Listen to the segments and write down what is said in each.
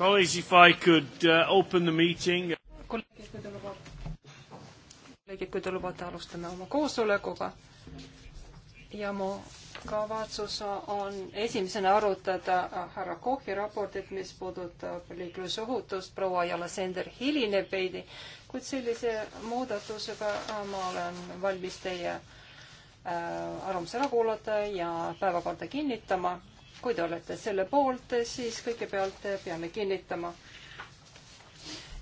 Colleagues, if I could uh, open the meeting. kolleegid, kui te lubate, alustame oma koosolekuga. ja mu kavatsus on esimesena arutada äh, härra Kohvi raportit, mis puudutab liiklusohutust. proua Jalasender hilineb veidi, kuid sellise muudatusega äh, ma olen valmis teie äh, arvamuse ära kuulata ja päevakorda kinnitama kui te olete selle poolt, siis kõigepealt peame kinnitama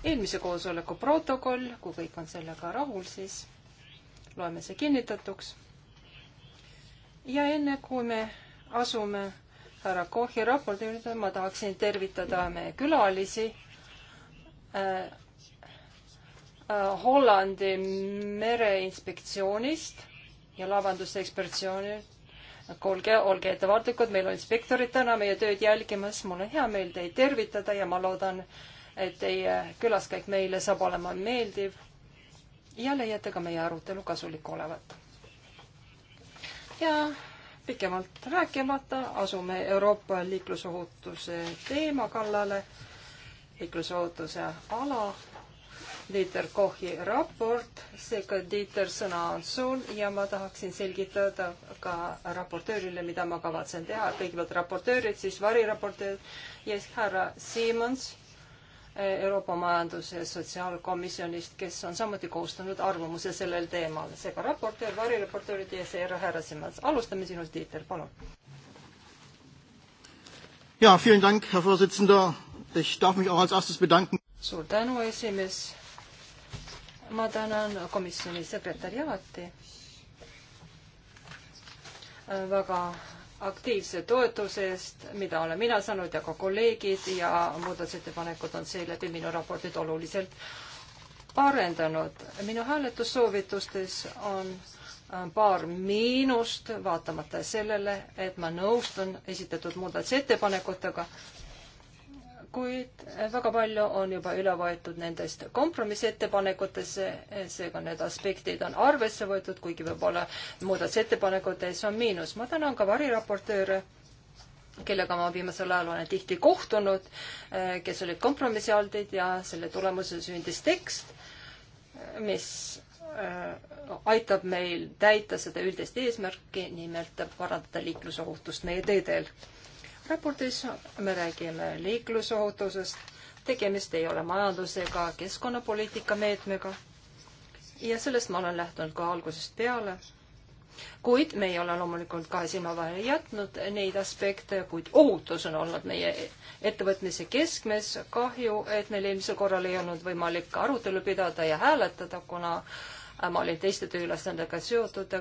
eelmise koosoleku protokoll, kui kõik on sellega rahul, siis loeme see kinnitatuks. ja enne kui me asume härra Kochi raporti juurde, ma tahaksin tervitada meie külalisi äh,. Äh, Hollandi mereinspektsioonist ja laevandusinspektsioonilt kuulge, olge ettevaatlikud, meil on inspektorid täna meie tööd jälgimas, mul on hea meel teid tervitada ja ma loodan, et teie külaskäik meile saab olema meeldiv ja leiate ka meie arutelu kasulik olevat. ja pikemalt rääkimata asume Euroopa liiklusohutuse teema kallale, liiklusohutuse ala Dieter Kochi raport, seega Dieter, sõna on sul ja ma tahaksin selgitada ka raportöörile, mida ma kavatsen teha. kõigepealt raportöörid, siis variraportöörid ja siis härra Siemens eh, Euroopa Majandus- ja Sotsiaalkomisjonist, kes on samuti koostanud arvamuse sellel teemal. seega raportöör, variraportöörid ja seejärel härra Siemens. alustame sinust, Dieter, palun. ja, vielen Dank, Herr Vorsitzender. Ich darf mich auch als erstes bedanken. suur tänu, esimees ma tänan komisjoni sekretäriaati väga aktiivse toetuse eest, mida olen mina saanud ja ka kolleegid ja muudatusettepanekud on seeläbi minu raportit oluliselt parendanud. minu hääletussoovitustes on äh, paar miinust, vaatamata sellele, et ma nõustun esitatud muudatusettepanekutega kuid väga palju on juba üle võetud nendest kompromissettepanekutesse, seega need aspektid on arvesse võetud, kuigi võib-olla muudatusettepanekutes on miinus. ma tänan ka variraportööre, kellega ma viimasel ajal olen tihti kohtunud, kes olid kompromissialdid ja selle tulemusel sündis tekst, mis äh, aitab meil täita seda üldist eesmärki, nimelt parandada liiklusohutust meie teedel raportis me räägime liiklusohutusest, tegemist ei ole majandus- ega keskkonnapoliitika meetmega ja sellest ma olen lähtunud ka algusest peale. kuid me ei ole loomulikult kahe silma vahele jätnud neid aspekte, kuid ohutus on olnud meie ettevõtmise keskmes. kahju, et meil eelmisel korral ei olnud võimalik arutelu pidada ja hääletada, kuna ma olin teiste töölastega seotud,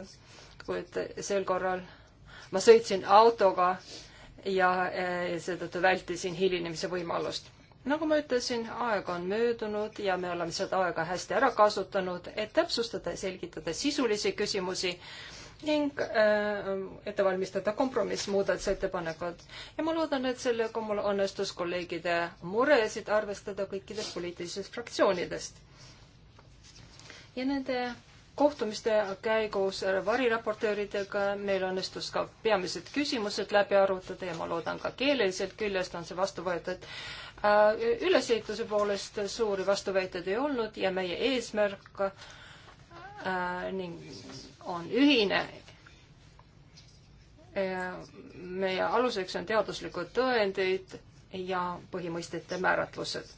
kuid sel korral ma sõitsin autoga ja eh, seetõttu vältisin hilinemise võimalust. nagu ma ütlesin, aeg on möödunud ja me oleme seda aega hästi ära kasutanud, et täpsustada ja selgitada sisulisi küsimusi ning äh, ette valmistada kompromissmuudatusettepanekud. ja ma loodan, et sellega mul õnnestus kolleegide muresid arvestada kõikidest poliitilisest fraktsioonidest. ja nende kohtumiste käigus variraportööridega, meil õnnestus ka peamised küsimused läbi arutada ja ma loodan ka keeleliselt küljest on see vastu võetud. Äh, ülesehituse poolest suuri vastuväiteid ei olnud ja meie eesmärk äh, ning on ühine äh, meie aluseks on teaduslikud tõendid ja põhimõistete määratlused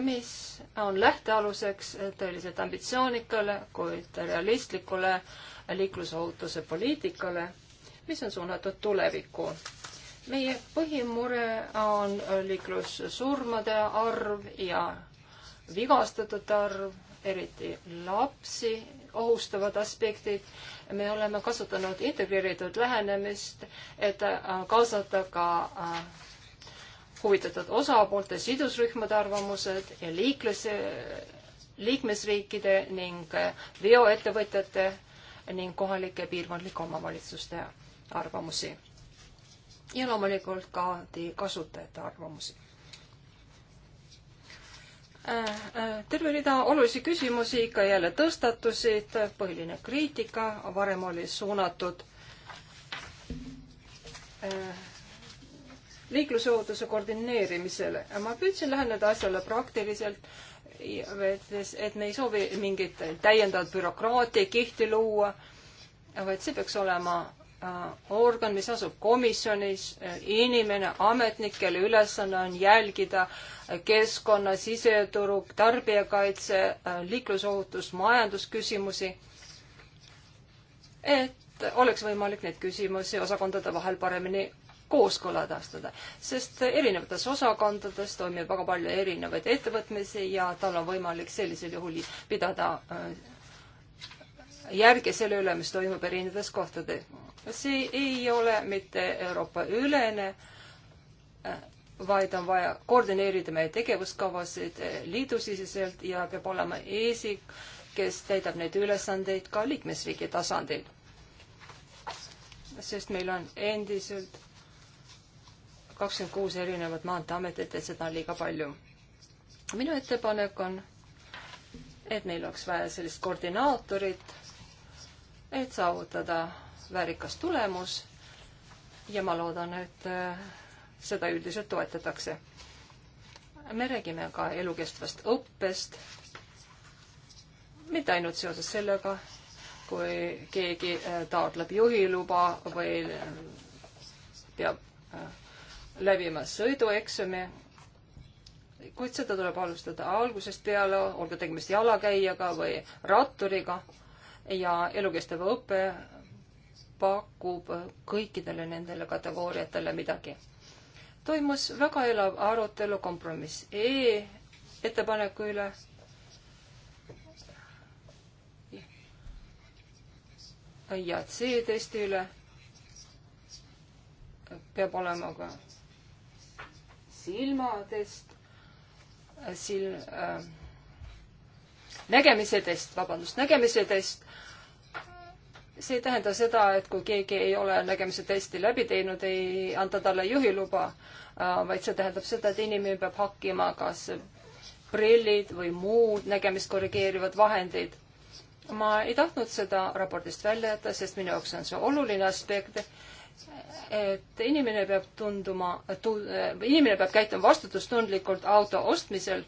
mis on lähtealuseks tõeliselt ambitsioonikale, kuid realistlikule liiklusohutuse poliitikale, mis on suunatud tulevikku. meie põhimure on liiklussurmade arv ja vigastatute arv, eriti lapsi ohustavad aspektid. me oleme kasutanud integreeritud lähenemist, et kaasata ka äh, huvitatud osapoolte sidusrühmade arvamused ja liikluse, liikmesriikide ning äh, veoettevõtjate ning kohalike piirkondlike omavalitsuste arvamusi. ja loomulikult ka teie kasutajate arvamusi äh, äh, terve rida olulisi küsimusi ikka jälle tõstatusid, põhiline kriitika varem oli suunatud liiklusohutuse koordineerimisele. ma püüdsin läheneda asjale praktiliselt, et me ei soovi mingit täiendavat bürokraatia kihti luua, vaid see peaks olema äh, organ, mis asub komisjonis, äh, inimene, ametnik, kelle ülesanne on jälgida äh, keskkonna, siseturu, tarbijakaitse, liiklusohutus, majandusküsimusi. et oleks võimalik neid küsimusi osakondade vahel paremini kooskõladastada, sest erinevates osakondades toimib väga palju erinevaid ettevõtmisi ja tal on võimalik sellisel juhul pidada äh, järge selle üle, mis toimub erinevates kohtades. see ei ole mitte Euroopa ülene, äh, vaid on vaja koordineerida meie tegevuskavasid äh, liidusiseselt ja peab olema eesik, kes täidab neid ülesandeid ka liikmesriigi tasandil. sest meil on endiselt kakskümmend kuus erinevat maanteeametit, et seda on liiga palju. minu ettepanek on, et meil oleks vaja sellist koordinaatorit, et saavutada väärikas tulemus ja ma loodan, et äh, seda üldiselt toetatakse. me räägime ka elukestvast õppest, mitte ainult seoses sellega, kui keegi äh, taotleb juhiluba või äh, peab läbima sõidueksami, kuid seda tuleb alustada algusest peale, olgu tegemist jalakäijaga või ratturiga ja elukestev õpe pakub kõikidele nendele kategooriatele midagi. toimus väga elav arutelu kompromiss E ettepaneku üle ja C testi üle peab olema ka silmadest, sil- äh,, nägemisedest, vabandust, nägemisedest. see ei tähenda seda, et kui keegi ei ole nägemise testi läbi teinud, ei anta talle juhiluba äh,, vaid see tähendab seda, et inimene peab hakkima kas prillid või muud nägemist korrigeerivad vahendid. ma ei tahtnud seda raportist välja jätta, sest minu jaoks on see oluline aspekt et inimene peab tunduma, inimene peab käituma vastutustundlikult auto ostmisel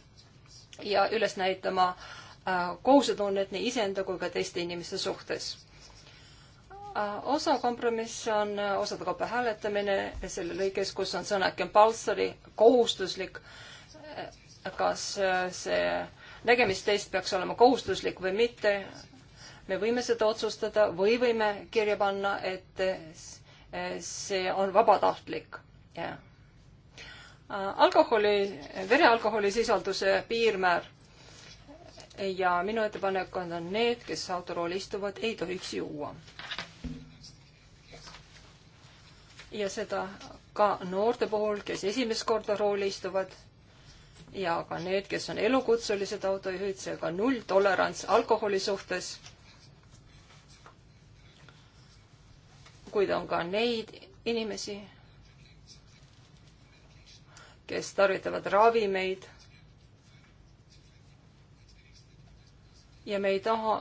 ja üles näitama äh, kohusetunnet nii iseenda kui ka teiste inimeste suhtes. Äh, osa kompromiss on osade kaupa hääletamine selle lõikes, kus on sõna compulsory, kohustuslik. Äh, kas see nägemistest peaks olema kohustuslik või mitte? me võime seda otsustada või võime kirja panna, et see on vabatahtlik yeah.. alkoholi, verealkoholisisalduse piirmäär. ja minu ettepanek on, on need, kes autorool istuvad, ei tohiks juua. ja seda ka noorte puhul, kes esimest korda rooli istuvad ja ka need, kes on elukutselised autojuhid, seega nulltolerants alkoholi suhtes kuid on ka neid inimesi, kes tarvitavad ravimeid. ja me ei taha,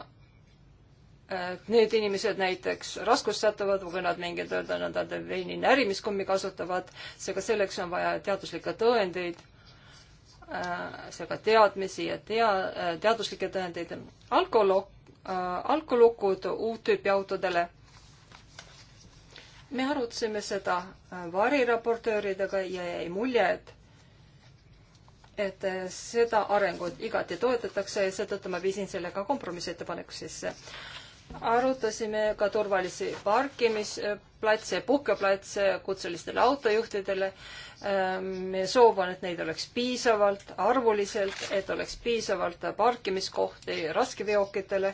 et need inimesed näiteks raskust satuvad või nad mingil öelda nõnda veini närimiskummi kasutavad, seega selleks on vaja teaduslikke tõendeid, äh, seega teadmisi ja tea-, äh, teaduslikke tõendeid. alkohol, äh, alkoholukud uut tüüpi autodele me arutasime seda äh, variraportööridega ja jäi mulje, et et äh, seda arengut igati toetatakse ja seetõttu ma viisin selle ka kompromissettepaneku sisse. arutasime ka turvalisi parkimisplatse, puhkeplatse kutselistele autojuhtidele. meie ähm, soov on, et neid oleks piisavalt arvuliselt, et oleks piisavalt parkimiskohti raskeveokitele.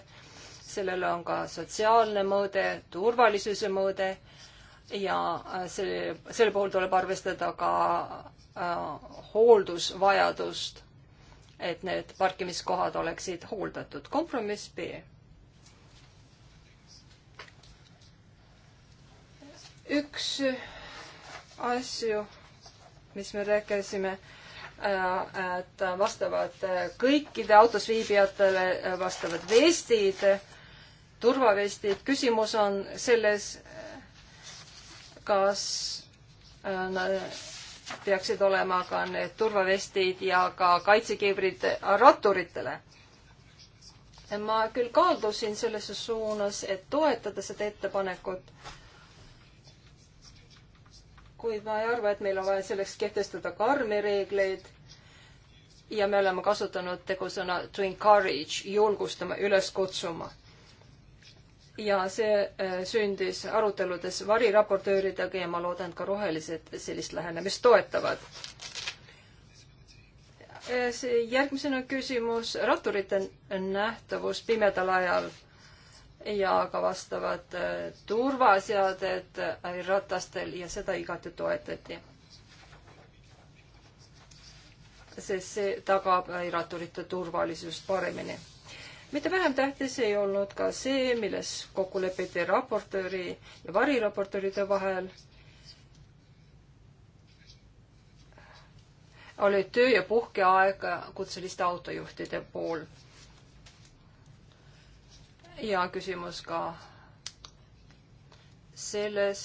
sellel on ka sotsiaalne mõõde, turvalisuse mõõde ja äh, selle, selle puhul tuleb arvestada ka äh, hooldusvajadust, et need parkimiskohad oleksid hooldatud. kompromiss B. üks asju, mis me rääkisime äh,, et vastavad äh, kõikide autos viibijatele vastavad vestid, turvavestid. küsimus on selles, kas äh, peaksid olema ka need turvavestid ja ka kaitsekeebrid ratturitele. ma küll kaldusin sellesse suunas, et toetada seda ettepanekut, kuid ma ei arva, et meil on vaja selleks kehtestada karmi reegleid ja me oleme kasutanud tegusõna to encourage, julgustama, üles kutsuma ja see äh, sündis aruteludes variraportööridega ja ma loodan, et ka rohelised sellist lähenemist toetavad. Äh, see järgmisena küsimus ratturite nähtavus pimedal ajal ja ka vastavad äh, turvaseaded ratastel ja seda igati toetati. sest see tagab ratturite turvalisust paremini mitte vähem tähtis ei olnud ka see, milles kokku lepiti raportööri ja variraportööride vahel. oli töö- ja puhkeaeg kutseliste autojuhtide pool. ja küsimus ka selles,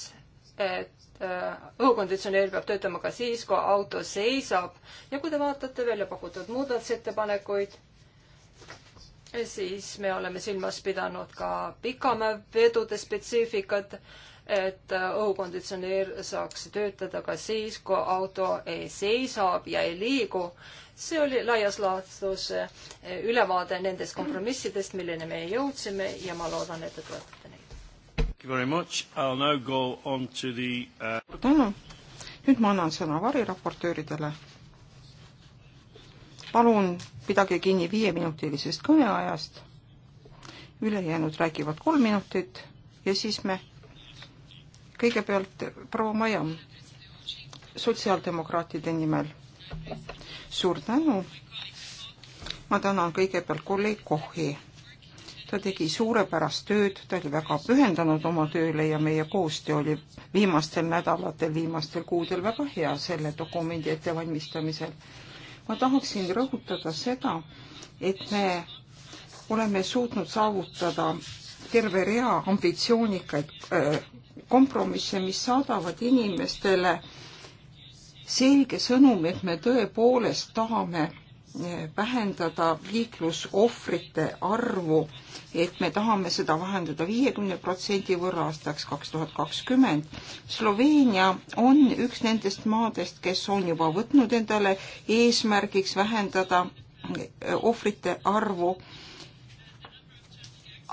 et äh, õhukonditsioneer peab töötama ka siis, kui auto seisab ja kui te vaatate välja pakutud muudatusettepanekuid siis me oleme silmas pidanud ka pikamäevedude spetsiifikat, et õhukonditsioneer saaks töötada ka siis, kui auto ei seisab ja ei liigu. see oli laias laastus eh, ülevaade nendest kompromissidest, milleni me jõudsime ja ma loodan, et te toetate neid. Uh, suur tänu. nüüd ma annan sõna variraportööridele palun pidage kinni viieminutilisest kõneajast, ülejäänud räägivad kolm minutit ja siis me kõigepealt proua Majam sotsiaaldemokraatide nimel. suur tänu. ma tänan kõigepealt kolleeg Kohi. ta tegi suurepärast tööd, ta oli väga pühendunud oma tööle ja meie koostöö oli viimastel nädalatel, viimastel kuudel väga hea selle dokumendi ettevalmistamisel ma tahaksin rõhutada seda, et me oleme suutnud saavutada terve rea ambitsioonikaid äh, kompromisse, mis saadavad inimestele selge sõnumi, et me tõepoolest tahame vähendada liiklusohvrite arvu, et me tahame seda vähendada viiekümne protsendi võrra aastaks kaks tuhat kakskümmend. Sloveenia on üks nendest maadest, kes on juba võtnud endale eesmärgiks vähendada ohvrite arvu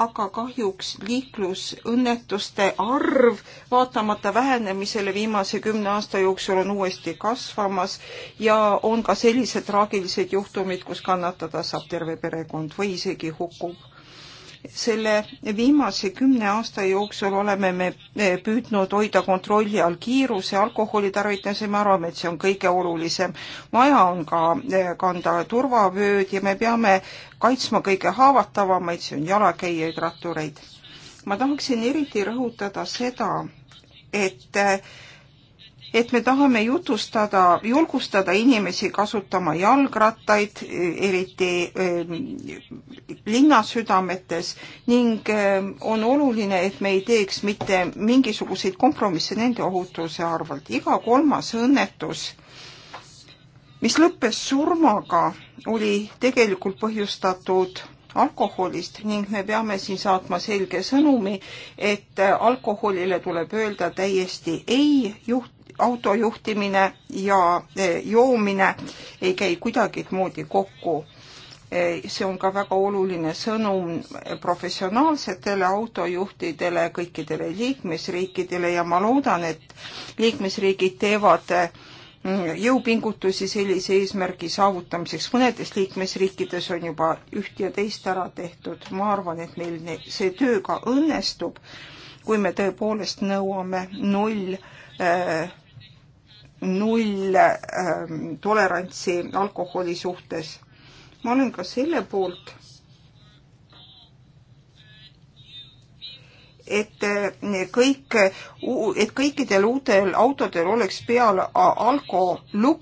aga kahjuks liiklusõnnetuste arv vaatamata vähenemisele viimase kümne aasta jooksul on uuesti kasvamas ja on ka sellised traagilised juhtumid, kus kannatada saab terve perekond või isegi hukkub selle viimase kümne aasta jooksul oleme me püüdnud hoida kontrolli all kiiruse, alkoholi tarvitamise, me arvame, et see on kõige olulisem. vaja on ka eh, kanda turvavööd ja me peame kaitsma kõige haavatavamaid, see on jalakäijaid, rattureid. ma tahaksin eriti rõhutada seda, et eh, et me tahame jutustada, julgustada inimesi kasutama jalgrattaid, eriti ähm, linnasüdametes ning ähm, on oluline, et me ei teeks mitte mingisuguseid kompromisse nende ohutuse arvelt. iga kolmas õnnetus, mis lõppes surmaga, oli tegelikult põhjustatud alkoholist ning me peame siin saatma selge sõnumi, et alkoholile tuleb öelda täiesti ei juht, autojuhtimine ja e, joomine ei käi kuidagimoodi kokku. E, see on ka väga oluline sõnum professionaalsetele autojuhtidele, kõikidele liikmesriikidele ja ma loodan, et liikmesriigid teevad mm, jõupingutusi sellise eesmärgi saavutamiseks. mõnedes liikmesriikides on juba üht ja teist ära tehtud. ma arvan, et meil see töö ka õnnestub, kui me tõepoolest nõuame null äh, null ähm, tolerantsi alkoholi suhtes. ma olen ka selle poolt, et äh, kõik, et kõikidel uutel autodel oleks peal alkolukk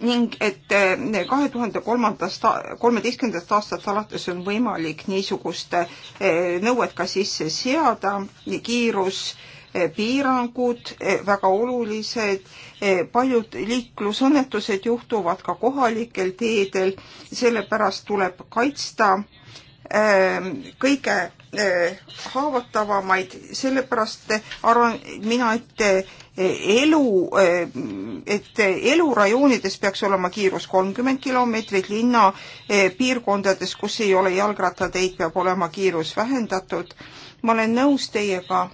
ning et äh, kahe tuhande kolmandast, kolmeteistkümnendast aastast alates on võimalik niisugust äh, nõuet ka sisse seada, kiirus Eh, piirangud eh, väga olulised, eh, paljud liiklusõnnetused juhtuvad ka kohalikel teedel, sellepärast tuleb kaitsta ehm, kõige haavatavamaid, sellepärast arvan mina, et elu, et elurajoonides peaks olema kiirus kolmkümmend kilomeetrit, linna piirkondades, kus ei ole jalgrattateid, peab olema kiirus vähendatud. ma olen nõus teiega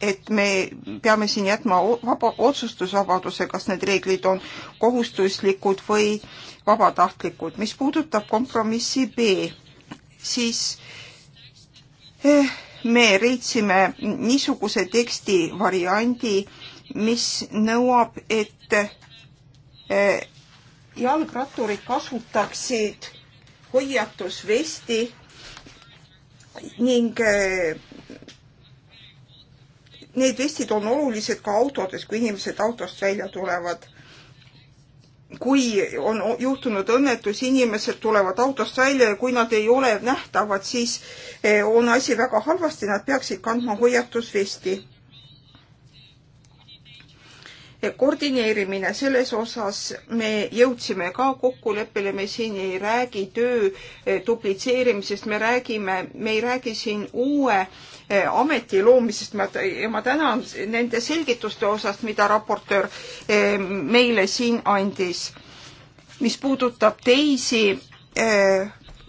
et me peame siin jätma vaba otsustusvabaduse, kas need reeglid on kohustuslikud või vabatahtlikud. mis puudutab kompromissi B, siis eh, me leidsime niisuguse teksti variandi, mis nõuab, et eh, jalgratturid kasutaksid hoiatusvesti ning eh, need vestid on olulised ka autodes, kui inimesed autost välja tulevad. kui on juhtunud õnnetus, inimesed tulevad autost välja ja kui nad ei ole nähtavad, siis eh, on asi väga halvasti, nad peaksid kandma hoiatusvesti koordineerimine, selles osas me jõudsime ka kokkuleppele, me siin ei räägi töö eh, duplitseerimisest, me räägime, me ei räägi siin uue eh, ameti loomisest, ma, ja ma tänan nende selgituste osast, mida raportöör eh, meile siin andis. mis puudutab teisi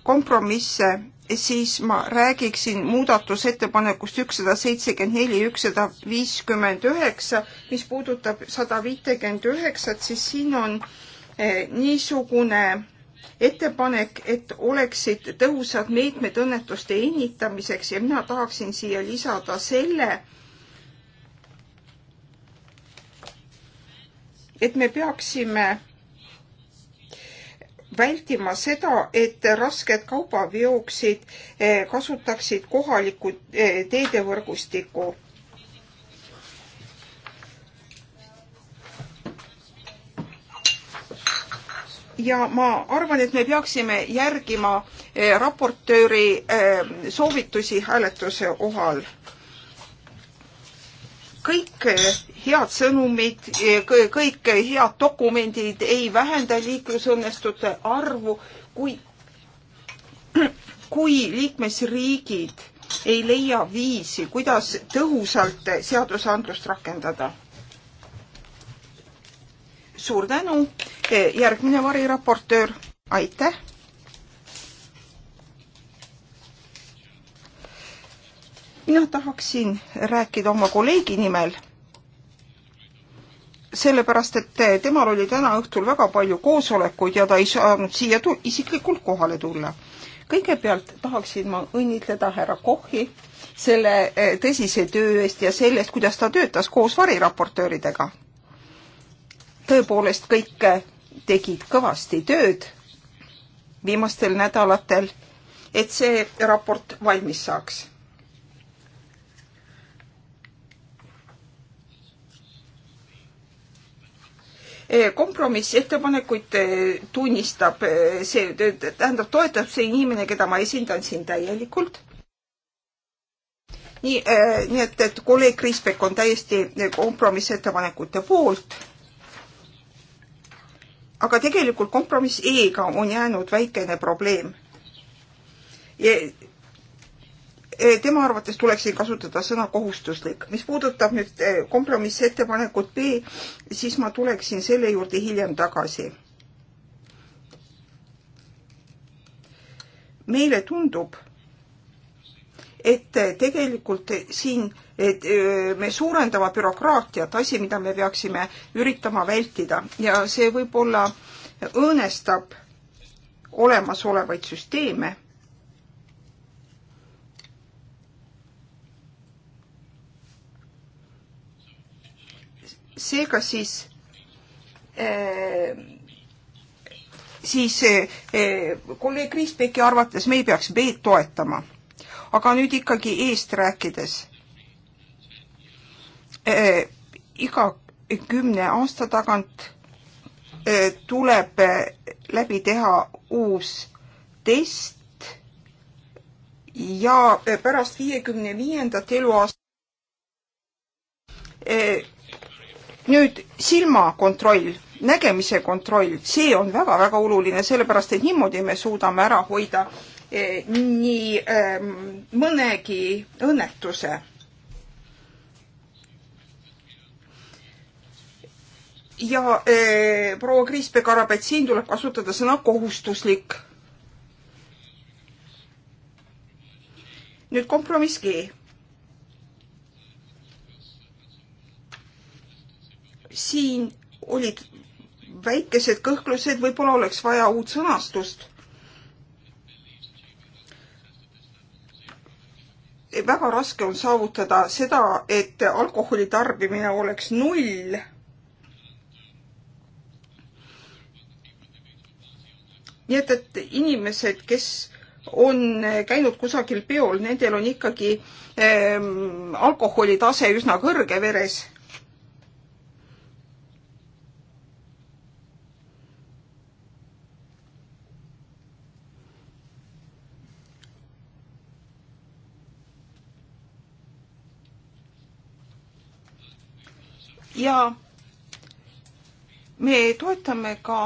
kompromisse siis ma räägiksin muudatusettepanekust ükssada seitsekümmend neli, ükssada viiskümmend üheksa. mis puudutab sada viitekümmet üheksat, siis siin on eh, niisugune ettepanek, et oleksid tõhusad meetmed õnnetuste ennitamiseks ja mina tahaksin siia lisada selle, et me peaksime vältima seda, et rasked kaubad jooksid, eh, kasutaksid kohalikku eh, teedevõrgustikku. ja ma arvan, et me peaksime järgima eh, raportööri soovitusi hääletuse ohal kõik head sõnumid, kõik head dokumendid ei vähenda liiklusõnnestute arvu, kui, kui liikmesriigid ei leia viisi, kuidas tõhusalt seadusandlust rakendada. suur tänu, järgmine variraportöör, aitäh! mina tahaksin rääkida oma kolleegi nimel, sellepärast et temal oli täna õhtul väga palju koosolekuid ja ta ei saanud siia tu-, isiklikult kohale tulla. kõigepealt tahaksin ma õnnitleda härra Kochi selle eh, tõsise töö eest ja selle eest, kuidas ta töötas koos variraportööridega. tõepoolest, kõik eh, tegid kõvasti tööd viimastel nädalatel, et see raport valmis saaks Eh, kompromissettepanekuid eh, tunnistab eh, see, tähendab, toetab see inimene, keda ma esindan siin täielikult. nii, nii et, et kolleeg Kriisbek on täiesti kompromissettepanekute poolt. aga tegelikult kompromiss E-ga on jäänud väikene probleem Eh, tema arvates tuleks siin kasutada sõna kohustuslik. mis puudutab nüüd eh, kompromissettepanekut B, siis ma tuleksin selle juurde hiljem tagasi. meile tundub, et eh, tegelikult siin et me suurendame bürokraatiat, asi, mida me peaksime üritama vältida ja see võib-olla õõnestab olemasolevaid süsteeme seega siis äh, siis äh, äh, kolleeg Kriisbeki arvates me ei peaks B-d toetama. aga nüüd ikkagi E-st rääkides. iga kümne aasta tagant tuleb läbi teha uus test ja pärast viiekümne viiendat eluaastat nüüd silmakontroll, nägemise kontroll, see on väga-väga oluline, sellepärast et niimoodi me suudame ära hoida eh, nii eh, mõnegi õnnetuse. ja eh, proua Kriisberg-Arabet, siin tuleb kasutada sõna kohustuslik. nüüd kompromiss G siin olid väikesed kõhklused, võib-olla oleks vaja uut sõnastust. väga raske on saavutada seda, et alkoholi tarbimine oleks null. nii et, et inimesed, kes on käinud kusagil peol, nendel on ikkagi ähm, alkoholitase üsna kõrge veres ja me toetame ka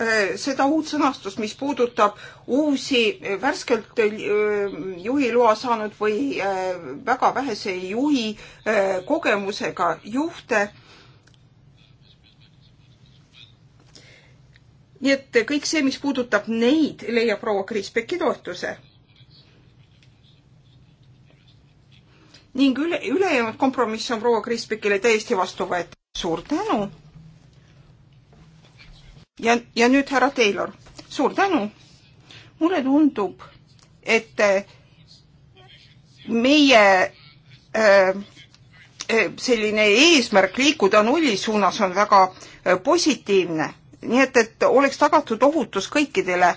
äh, seda uut sõnastust, mis puudutab uusi värskelt äh, juhiloa saanud või äh, väga vähese juhi kogemusega juhte. nii et kõik see, mis puudutab neid, leiab proua Kriisbecki toetuse ning üle, ülejäänud kompromiss on proua Krispikile täiesti vastu võetud. suur tänu. ja, ja nüüd härra Taylor, suur tänu. mulle tundub, et äh, meie äh, äh, selline eesmärk liikuda nulli suunas on väga äh, positiivne, nii et, et oleks tagatud ohutus kõikidele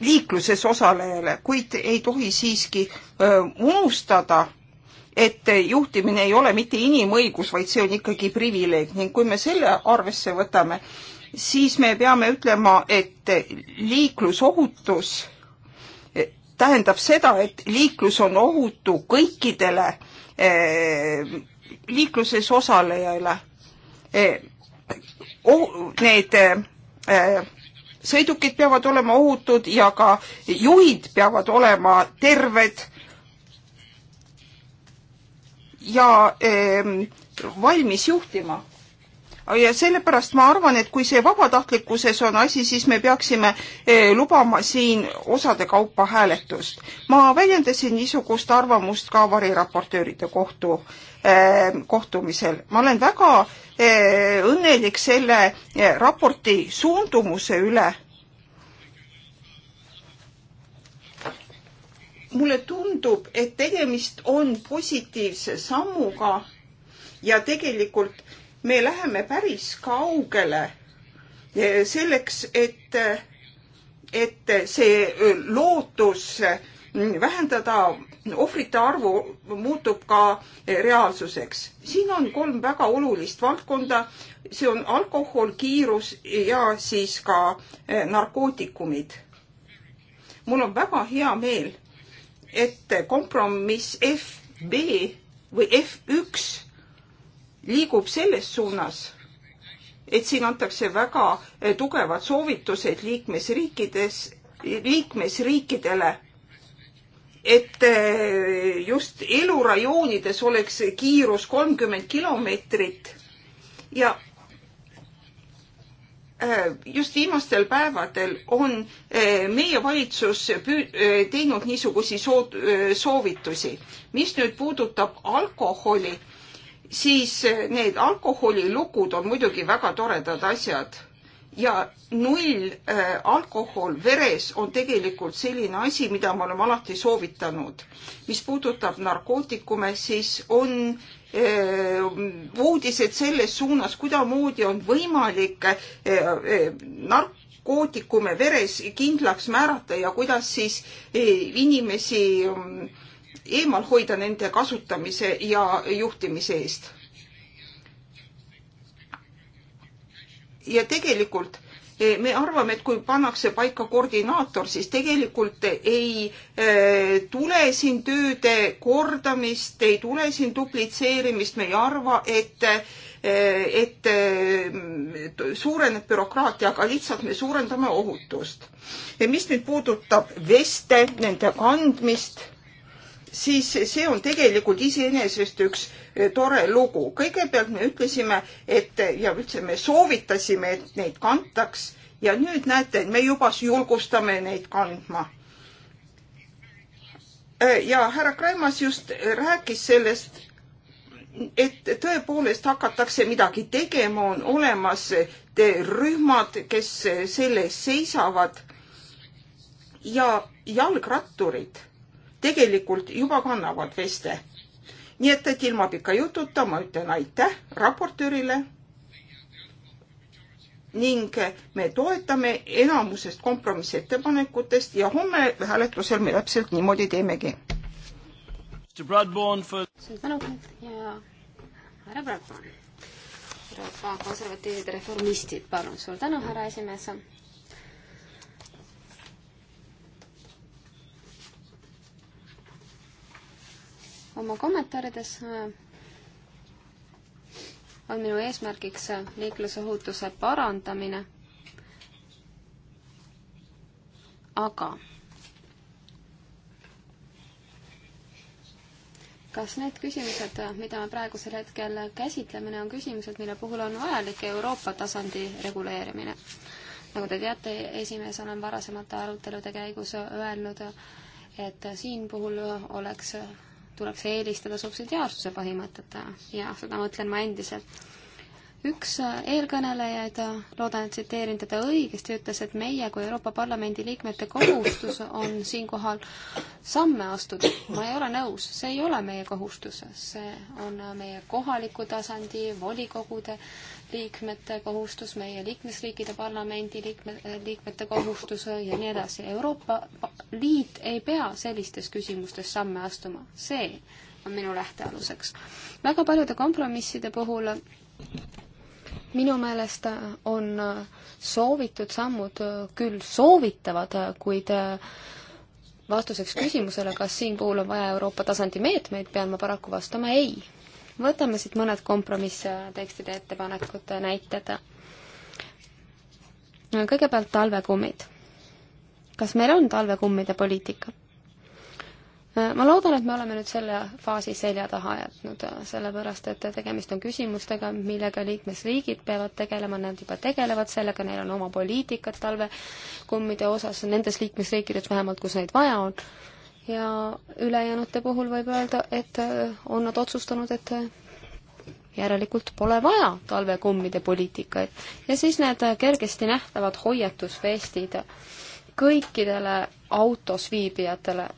liikluses osalejale, kuid ei tohi siiski unustada et juhtimine ei ole mitte inimõigus, vaid see on ikkagi privileeg ning kui me selle arvesse võtame, siis me peame ütlema, et liiklusohutus tähendab seda, et liiklus on ohutu kõikidele eh, liikluses osalejaile. Eh, oh, need eh, sõidukid peavad olema ohutud ja ka juhid peavad olema terved ja ehm, valmis juhtima ja sellepärast ma arvan, et kui see vabatahtlikkuses on asi, siis me peaksime eh, lubama siin osade kaupa hääletust. ma väljendasin niisugust arvamust ka variraportööride kohtu, ehm, kohtumisel. ma olen väga eh, õnnelik selle eh, raporti suundumuse üle mulle tundub, et tegemist on positiivse sammuga ja tegelikult me läheme päris kaugele eh, selleks, et, eh, et see eh, lootus mm, vähendada ohvrite arvu muutub ka reaalsuseks. siin on kolm väga olulist valdkonda, see on alkohol, kiirus ja siis ka narkootikumid. mul on väga hea meel et kompromiss FB või F1 liigub selles suunas, et siin antakse väga eh, tugevad soovitused liikmesriikides, liikmesriikidele, et eh, just elurajoonides oleks kiirus kolmkümmend kilomeetrit ja Äh, just viimastel päevadel on äh, meie valitsus äh, teinud niisugusi soovitusi. mis nüüd puudutab alkoholi, siis need alkoholilugud on muidugi väga toredad asjad ja null äh, alkohol veres on tegelikult selline asi, mida me oleme alati soovitanud. mis puudutab narkootikume, siis on Äh, uudised selles suunas, kuidasmoodi on võimalik äh, äh, narkootikume veres kindlaks määrata ja kuidas siis inimesi ähm, eemal hoida nende kasutamise ja juhtimise eest. ja tegelikult Eh, me arvame, et kui pannakse paika koordinaator, siis tegelikult ei eh, tule siin tööde kordamist, ei tule siin duplitseerimist, me ei arva, et eh, et suureneb bürokraatia, aga lihtsalt me suurendame ohutust. mis nüüd puudutab veste, nende kandmist siis see on tegelikult iseenesest üks eh, tore lugu. kõigepealt me ütlesime, et eh, ja üldse me soovitasime, et neid kantaks ja nüüd näete, et me juba julgustame neid kandma. Eh, ja härra Kraimas just rääkis sellest, et tõepoolest hakatakse midagi tegema, on olemas rühmad, kes selle eest seisavad ja jalgratturid tegelikult juba kannavad veste. nii et, et ilma pika jututa ma ütlen aitäh raportöörile ning me toetame enamusest kompromissettepanekutest ja homme hääletusel me täpselt niimoodi teemegi. suur tänu ja härra Bradburn. Euroopa konservatiivide reformistid, palun, suur tänu, härra esimees oma kommentaarides äh, on minu eesmärgiks äh, liiklusohutuse parandamine. aga kas need küsimused, äh, mida me praegusel hetkel käsitleme, on küsimused, mille puhul on vajalik Euroopa tasandi reguleerimine? nagu te teate, esimees olen varasemate arutelude käigus öelnud, et siin puhul oleks tuleks eelistada subsidiaarsuse põhimõtet ja seda mõtlen ma endiselt üks äh, eelkõnelejaid, loodan, et tsiteerin teda õigesti, ütles, et meie kui Euroopa Parlamendi liikmete kohustus on siinkohal samme astuda. ma ei ole nõus, see ei ole meie kohustus, see on äh, meie kohaliku tasandi volikogude liikmete kohustus, meie liikmesriikide parlamendi liikme, äh, liikmete kohustus ja nii edasi. Euroopa Liit ei pea sellistes küsimustes samme astuma, see on minu lähtealuseks. väga paljude kompromisside puhul minu meelest äh, on äh, soovitud sammud äh, küll soovitavad, kuid vastuseks küsimusele, kas siin puhul on vaja Euroopa tasandi meetmeid, pean ma paraku vastama ei. võtame siit mõned kompromisstekstide ettepanekute näited. kõigepealt talvekummid. kas meil on talvekummide poliitika? Äh, ma loodan, et me oleme nüüd selle faasi selja taha jätnud, äh, sellepärast et tegemist on küsimustega, millega liikmesriigid peavad tegelema, nad juba tegelevad sellega, neil on oma poliitikad talvekummide osas nendes liikmesriikides vähemalt, kus neid vaja on ja ülejäänute puhul võib öelda, et äh, on nad otsustanud, et järelikult pole vaja talvekummide poliitikaid. ja siis need kergesti nähtavad hoiatusvestid kõikidele autos viibijatele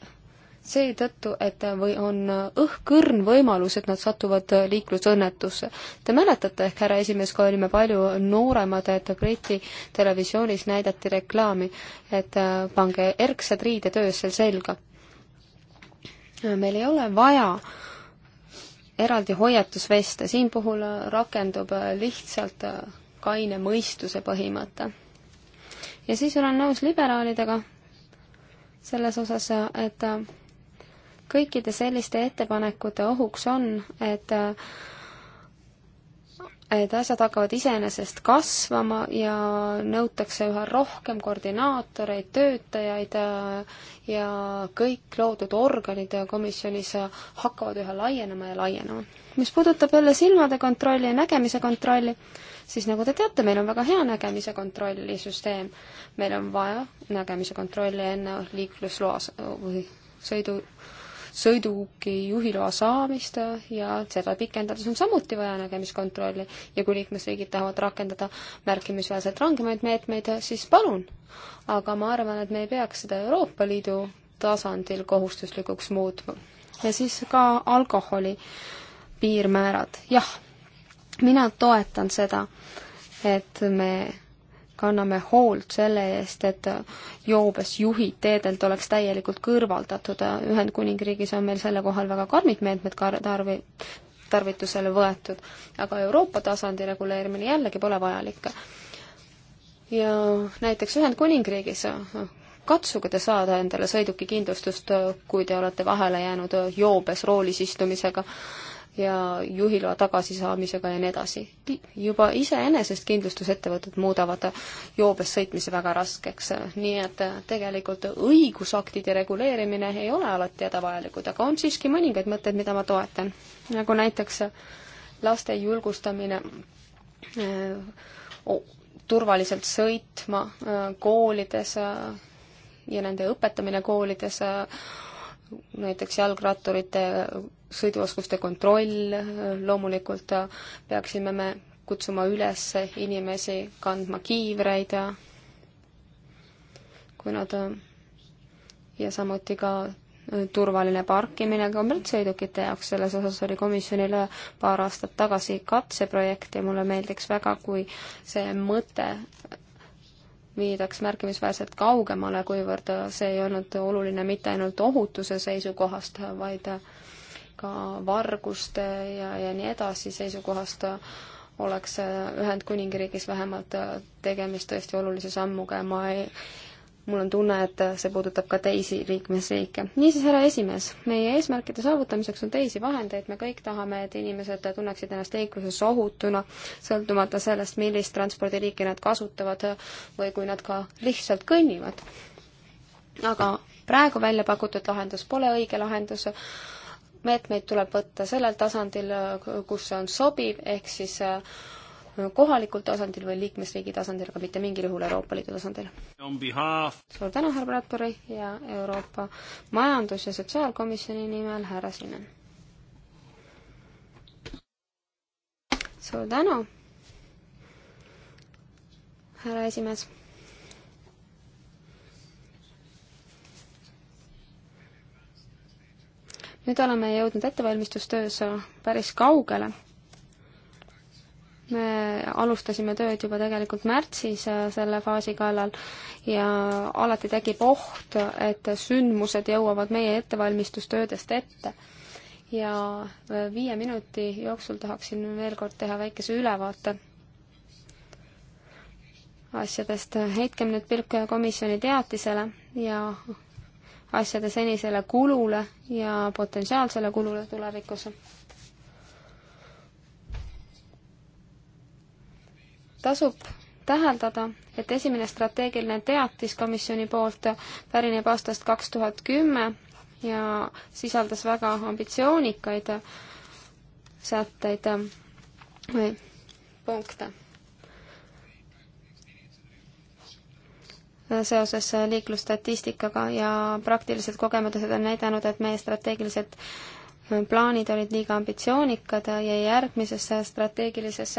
seetõttu, et või on õhkõrn võimalus, et nad satuvad liiklusõnnetusse. Te mäletate ehk, härra esimees, kui olime palju nooremad, et Briti televisioonis näidati reklaami, et pange erksad riided öösel selga. meil ei ole vaja eraldi hoiatusveste, siin puhul rakendub lihtsalt kaine mõistuse põhimõte. ja siis olen nõus liberaalidega selles osas, et kõikide selliste ettepanekute ohuks on, et et asjad hakkavad iseenesest kasvama ja nõutakse üha rohkem koordinaatoreid, töötajaid ja kõik loodud organid komisjonis hakkavad üha laienema ja laienema. mis puudutab jälle silmade kontrolli ja nägemise kontrolli, siis nagu te teate, meil on väga hea nägemise kontrollisüsteem. meil on vaja nägemise kontrolli enne liiklusloas või sõidu sõiduki juhiloa saamist ja seda pikendades on samuti vaja nägemiskontrolli. ja kui liikmesriigid tahavad rakendada märkimisväärselt rangemaid meetmeid, siis palun. aga ma arvan, et me ei peaks seda Euroopa Liidu tasandil kohustuslikuks muutma. ja siis ka alkoholi piirmäärad, jah, mina toetan seda, et me kanname hoolt selle eest, et joobes juhid teedelt oleks täielikult kõrvaldatud. Ühendkuningriigis on meil selle kohal väga karmid meetmed tarvi, tarvitusele võetud, aga Euroopa tasandi reguleerimine jällegi pole vajalik. ja näiteks Ühendkuningriigis katsuge te saada endale sõidukikindlustust, kui te olete vahele jäänud joobes roolis istumisega ja juhiloa tagasisaamisega ja nii edasi. juba iseenesest kindlustusettevõtted muudavad joobes sõitmise väga raskeks, nii et tegelikult õigusaktide reguleerimine ei ole alati hädavajalikud, aga on siiski mõningaid mõtteid, mida ma toetan. nagu näiteks laste julgustamine turvaliselt sõitma koolides ja nende õpetamine koolides, näiteks jalgratturite sõiduoskuste kontroll, loomulikult peaksime me kutsuma üles inimesi kandma kiivreid, kui nad ja samuti ka turvaline parkimine kommertssõidukite jaoks, selles osas oli komisjonile paar aastat tagasi katseprojekt ja mulle meeldiks väga, kui see mõte viidaks märkimisväärselt kaugemale, kuivõrd see ei olnud oluline mitte ainult ohutuse seisukohast, vaid äh, ka varguste ja, ja nii edasi seisukohast oleks Ühendkuningriigis vähemalt tegemist tõesti olulise sammuga ja ma ei, mul on tunne, et see puudutab ka teisi liikmesriike. niisiis, härra esimees, meie eesmärkide saavutamiseks on teisi vahendeid, me kõik tahame, et inimesed tunneksid ennast liikluses ohutuna, sõltumata sellest, millist transpordiliiki nad kasutavad või kui nad ka lihtsalt kõnnivad. aga praegu välja pakutud lahendus pole õige lahendus meetmeid tuleb võtta sellel tasandil, kus see on sobiv, ehk siis äh, kohalikul tasandil või liikmesriigi tasandil, aga mitte mingil juhul Euroopa Liidu tasandil. suur tänu, härra Bradbury ja Euroopa Majandus- ja Sotsiaalkomisjoni nimel härra Sinnen. suur tänu, härra esimees nüüd oleme jõudnud ettevalmistustöös päris kaugele. me alustasime tööd juba tegelikult märtsis selle faasi kallal ja alati tekib oht, et sündmused jõuavad meie ettevalmistustöödest ette ja viie minuti jooksul tahaksin veel kord teha väikese ülevaate asjadest. heitkem nüüd pilk komisjoni teatisele ja asjade senisele kulule ja potentsiaalsele kulule tulevikus. tasub täheldada, et esimene strateegiline teatis komisjoni poolt pärineb aastast kaks tuhat kümme ja sisaldas väga ambitsioonikaid sätteid või punkte seoses liiklusstatistikaga ja praktilised kogemused on näidanud, et meie strateegilised plaanid olid liiga ambitsioonikad ja järgmises strateegilises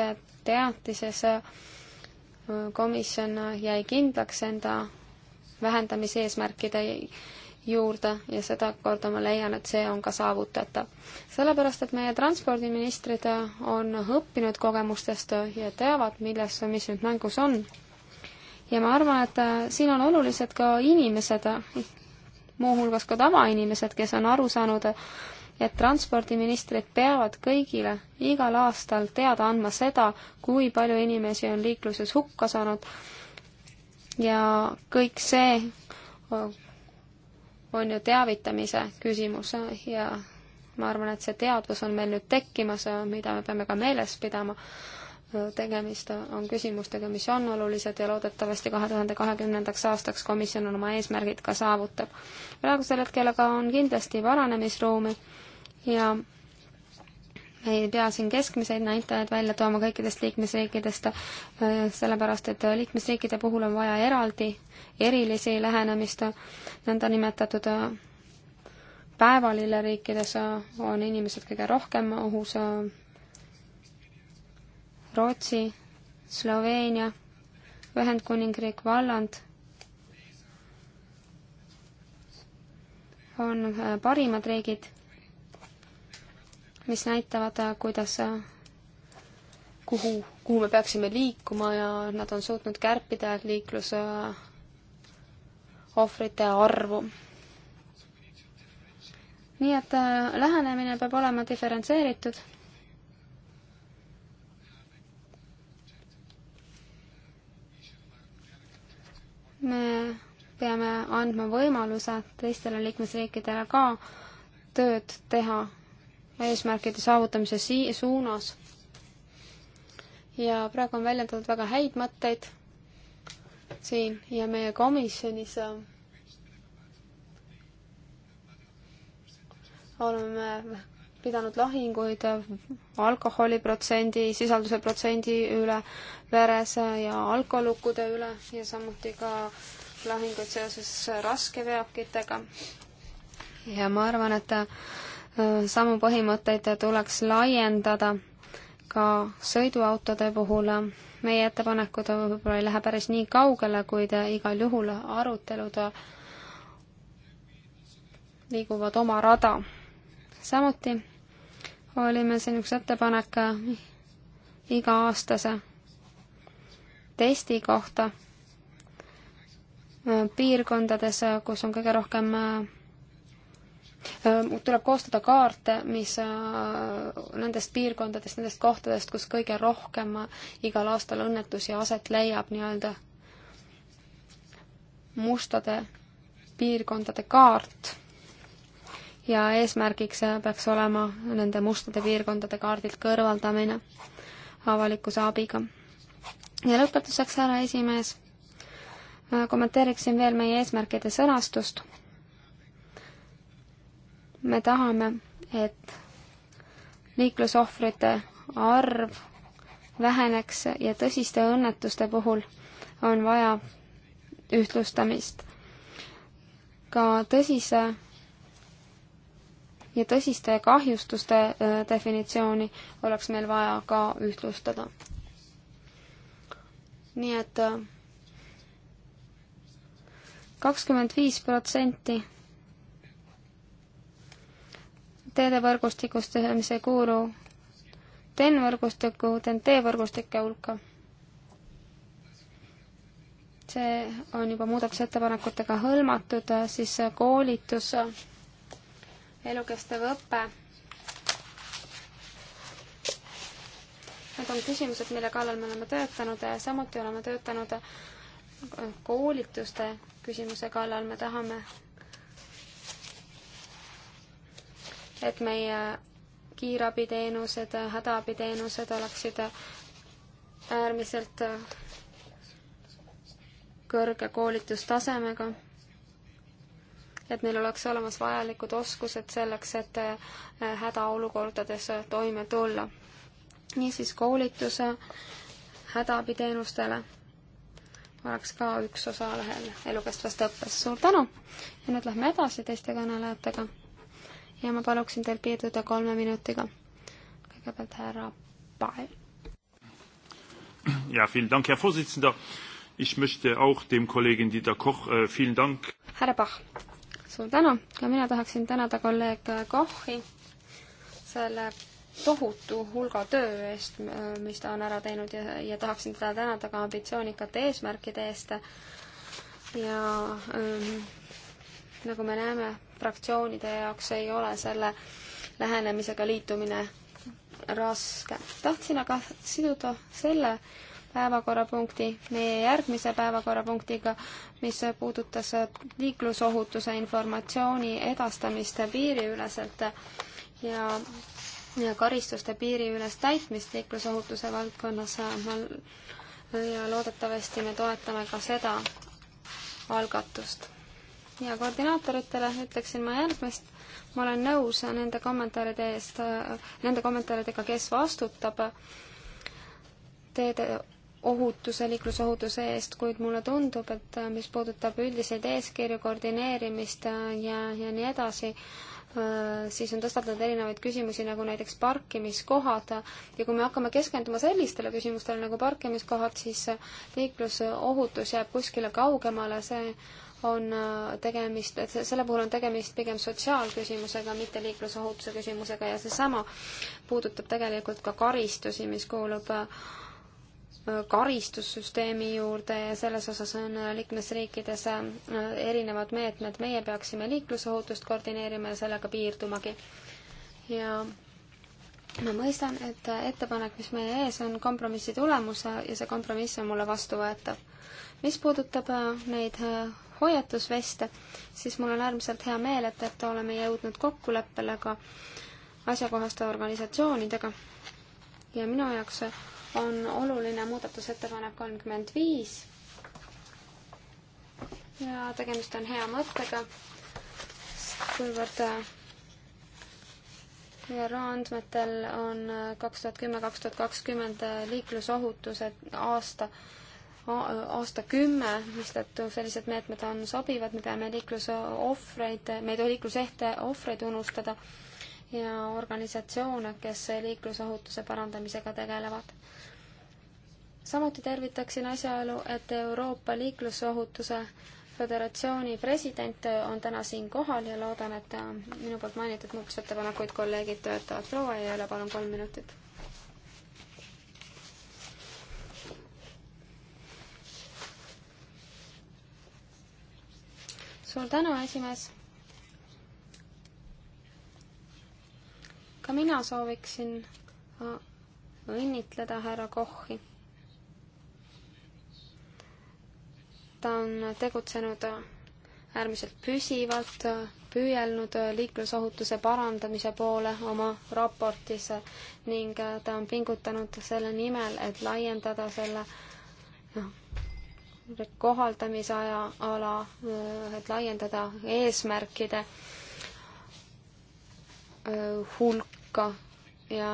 teatises komisjon jäi kindlaks enda vähendamise eesmärkide juurde ja sedakorda ma leian, et see on ka saavutatav. sellepärast, et meie transpordiministrid on õppinud kogemustest ja teavad, milles, mis nüüd mängus on ja ma arvan, et äh, siin on olulised ka inimesed, muuhulgas ka tavainimesed, kes on aru saanud, et transpordiministrid peavad kõigile igal aastal teada andma seda, kui palju inimesi on liikluses hukka saanud ja kõik see äh, on ju teavitamise küsimus ja ma arvan, et see teadvus on meil nüüd tekkimas, äh, mida me peame ka meeles pidama tegemist on küsimustega, mis on olulised ja loodetavasti kahe tuhande kahekümnendaks aastaks komisjon on oma eesmärgid ka saavutab. praegusel hetkel aga on kindlasti paranemisruumi ja me ei pea siin keskmiseid näitajaid välja tooma kõikidest liikmesriikidest, sellepärast et liikmesriikide puhul on vaja eraldi erilisi lähenemist, nõndanimetatud päevalilleriikides on inimesed kõige rohkem ohus Rootsi, Sloveenia, Ühendkuningriik, Valland on äh, parimad riigid, mis näitavad, äh, kuidas, äh, kuhu, kuhu me peaksime liikuma ja nad on suutnud kärpida liikluse ohvrite arvu. nii et lähenemine peab olema diferentseeritud me peame andma võimaluse teistele liikmesriikidele ka tööd teha eesmärkide saavutamise sii-, suunas. ja praegu on väljendatud väga häid mõtteid siin ja meie komisjonis äh, oleme pidanud lahinguid alkoholiprotsendi, sisalduse protsendi üle, veres ja alkolukkude üle ja samuti ka lahinguid seoses raskeveokitega. ja ma arvan, et äh, samu põhimõtteid tuleks laiendada ka sõiduautode puhul. meie ettepanekud võib-olla ei lähe päris nii kaugele, kuid äh, igal juhul arutelud äh, liiguvad oma rada. samuti oli meil siin üks ettepanek iga-aastase testi kohta äh, piirkondades, äh, kus on kõige rohkem äh, tuleb koostada kaarte, mis nendest piirkondadest, nendest kohtadest, kus kõige rohkem igal aastal õnnetusi aset leiab nii-öelda mustade piirkondade kaart. ja eesmärgiks peaks olema nende mustade piirkondade kaardilt kõrvaldamine avalikkuse abiga ja lõpetuseks, härra esimees, kommenteeriksin veel meie eesmärkide sõnastust. me tahame, et liiklusohvrite arv väheneks ja tõsiste õnnetuste puhul on vaja ühtlustamist. ka tõsise ja tõsiste kahjustuste äh, definitsiooni oleks meil vaja ka ühtlustada nii et äh, kakskümmend viis protsenti teedevõrgustikust, mis ei kuulu TEN-võrgustiku, TEN-T võrgustike hulka. see on juba muudatusettepanekutega hõlmatud, äh, siis äh, koolitus, elukestev õpe Need on küsimused, mille kallal me oleme töötanud, samuti oleme töötanud koolituste küsimuse kallal, me tahame, et meie kiirabiteenused, hädaabiteenused oleksid äärmiselt kõrge koolitustasemega et neil oleks olemas vajalikud oskused selleks, et hädaolukordades toime tulla niisiis koolituse hädaabiteenustele oleks ka üks osa lähel elukestvast õppest. suur tänu ja nüüd lähme edasi teiste kõnelejatega. ja ma paluksin teil piirduda kolme minutiga. kõigepealt härra Pae. Ja, vielen Dank, Herr Vorsitzender. Ich möchte auch dem Kollegen Dieter Koch äh, vielen Dank. Härra Bach, suur tänu. Ka mina tahaksin tänada kolleeg Kochi selle tohutu hulga töö eest, mis ta on ära teinud ja, ja tahaksin teda tänada ka ambitsioonikate eesmärkide eest. ja ähm, nagu me näeme, fraktsioonide jaoks ei ole selle lähenemisega liitumine raske. tahtsin aga siduda selle päevakorrapunkti meie järgmise päevakorrapunktiga, mis puudutas liiklusohutuse informatsiooni edastamist piiriüleselt ja ja karistuste piiriülest täitmist liiklusohutuse valdkonnas ja loodetavasti me toetame ka seda algatust. ja koordinaatoritele ütleksin ma järgmist, ma olen nõus nende kommentaaride eest, nende kommentaaridega, kes vastutab teede ohutuse, liiklusohutuse eest, kuid mulle tundub, et mis puudutab üldiseid eeskirju, koordineerimist ja, ja nii edasi, Äh, siis on tõstatatud erinevaid küsimusi, nagu näiteks parkimiskohad ja kui me hakkame keskenduma sellistele küsimustele nagu parkimiskohad, siis äh, liiklusohutus jääb kuskile kaugemale, see on äh, tegemist, et selle puhul on tegemist pigem sotsiaalküsimusega, mitte liiklusohutuse küsimusega ja seesama puudutab tegelikult ka karistusi, mis kuulub äh, karistussüsteemi juurde ja selles osas on liikmesriikides äh, erinevad meetmed. meie peaksime liiklusohutust koordineerima ja sellega piirdumagi. ja ma mõistan, et ettepanek, mis meie ees on, kompromissi tulemus ja see kompromiss on mulle vastuvõetav. mis puudutab äh, neid äh, hoiatusveste, siis mul on äärmiselt hea meel, et, et oleme jõudnud kokkuleppele ka asjakohaste organisatsioonidega. ja minu jaoks on oluline muudatusettepanek kolmkümmend viis. ja tegemist on hea mõttega, kuivõrd äh, ÜRO andmetel on äh, kaks tuhat kümme, kaks tuhat kakskümmend äh, liiklusohutuse aasta aastakümme, mistõttu sellised meetmed on sobivad, me peame liiklusohvreid, me ei tohi liiklusehte ohvreid unustada ja organisatsioone, kes liiklusohutuse parandamisega tegelevad samuti tervitaksin asjaolu, et Euroopa Liiklusohutuse Föderatsiooni president on täna siin kohal ja loodan, et minu poolt mainitud muudatusettepanekuid kolleegid toetavad. proua Jõele, palun kolm minutit. suur tänu, esimees. ka mina sooviksin õnnitleda härra Kohhi ta on tegutsenud äärmiselt püsivalt, püüelnud liiklusohutuse parandamise poole oma raportis ning ta on pingutanud selle nimel, et laiendada selle noh, kohaldamise aja, ala, et laiendada eesmärkide hulka ja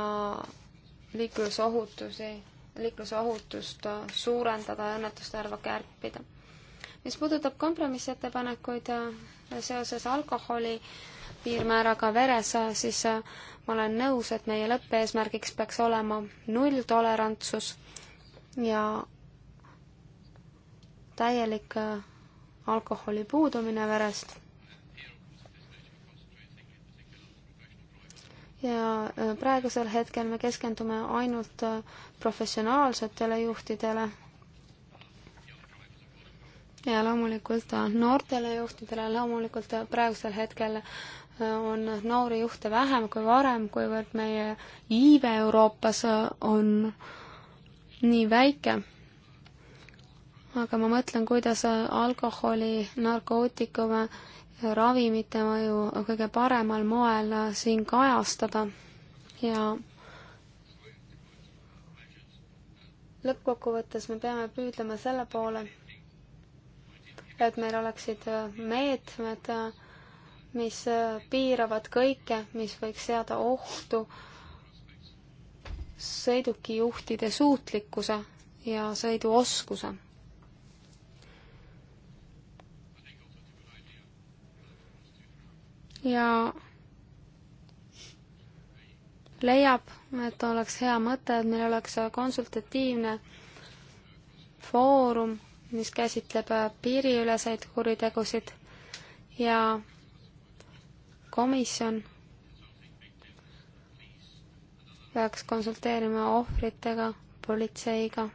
liiklusohutusi, liiklusohutust suurendada ja õnnetuste arva kärpida mis puudutab kompromissettepanekuid äh, seoses alkoholi piirmääraga veres, äh, siis äh, ma olen nõus, et meie lõppeesmärgiks peaks olema nulltolerantsus ja täielik alkoholi puudumine verest. ja praegusel hetkel me keskendume ainult professionaalsetele juhtidele ja loomulikult äh, noortele juhtidele, loomulikult äh, praegusel hetkel äh, on noori juhte vähem kui varem, kuivõrd meie iive Euroopas on nii väike. aga ma mõtlen, kuidas alkoholi, narkootikume, ravimite mõju kõige paremal moel siin kajastada ja lõppkokkuvõttes me peame püüdlema selle poole, et meil oleksid äh, meetmed, äh, mis äh, piiravad kõike, mis võiks seada ohtu sõidukijuhtide suutlikkuse ja sõiduoskuse. ja leiab, et oleks hea mõte, et meil oleks konsultatiivne foorum mis käsitleb äh, piiriüleseid kuritegusid ja komisjon peaks konsulteerima ohvritega, politseiga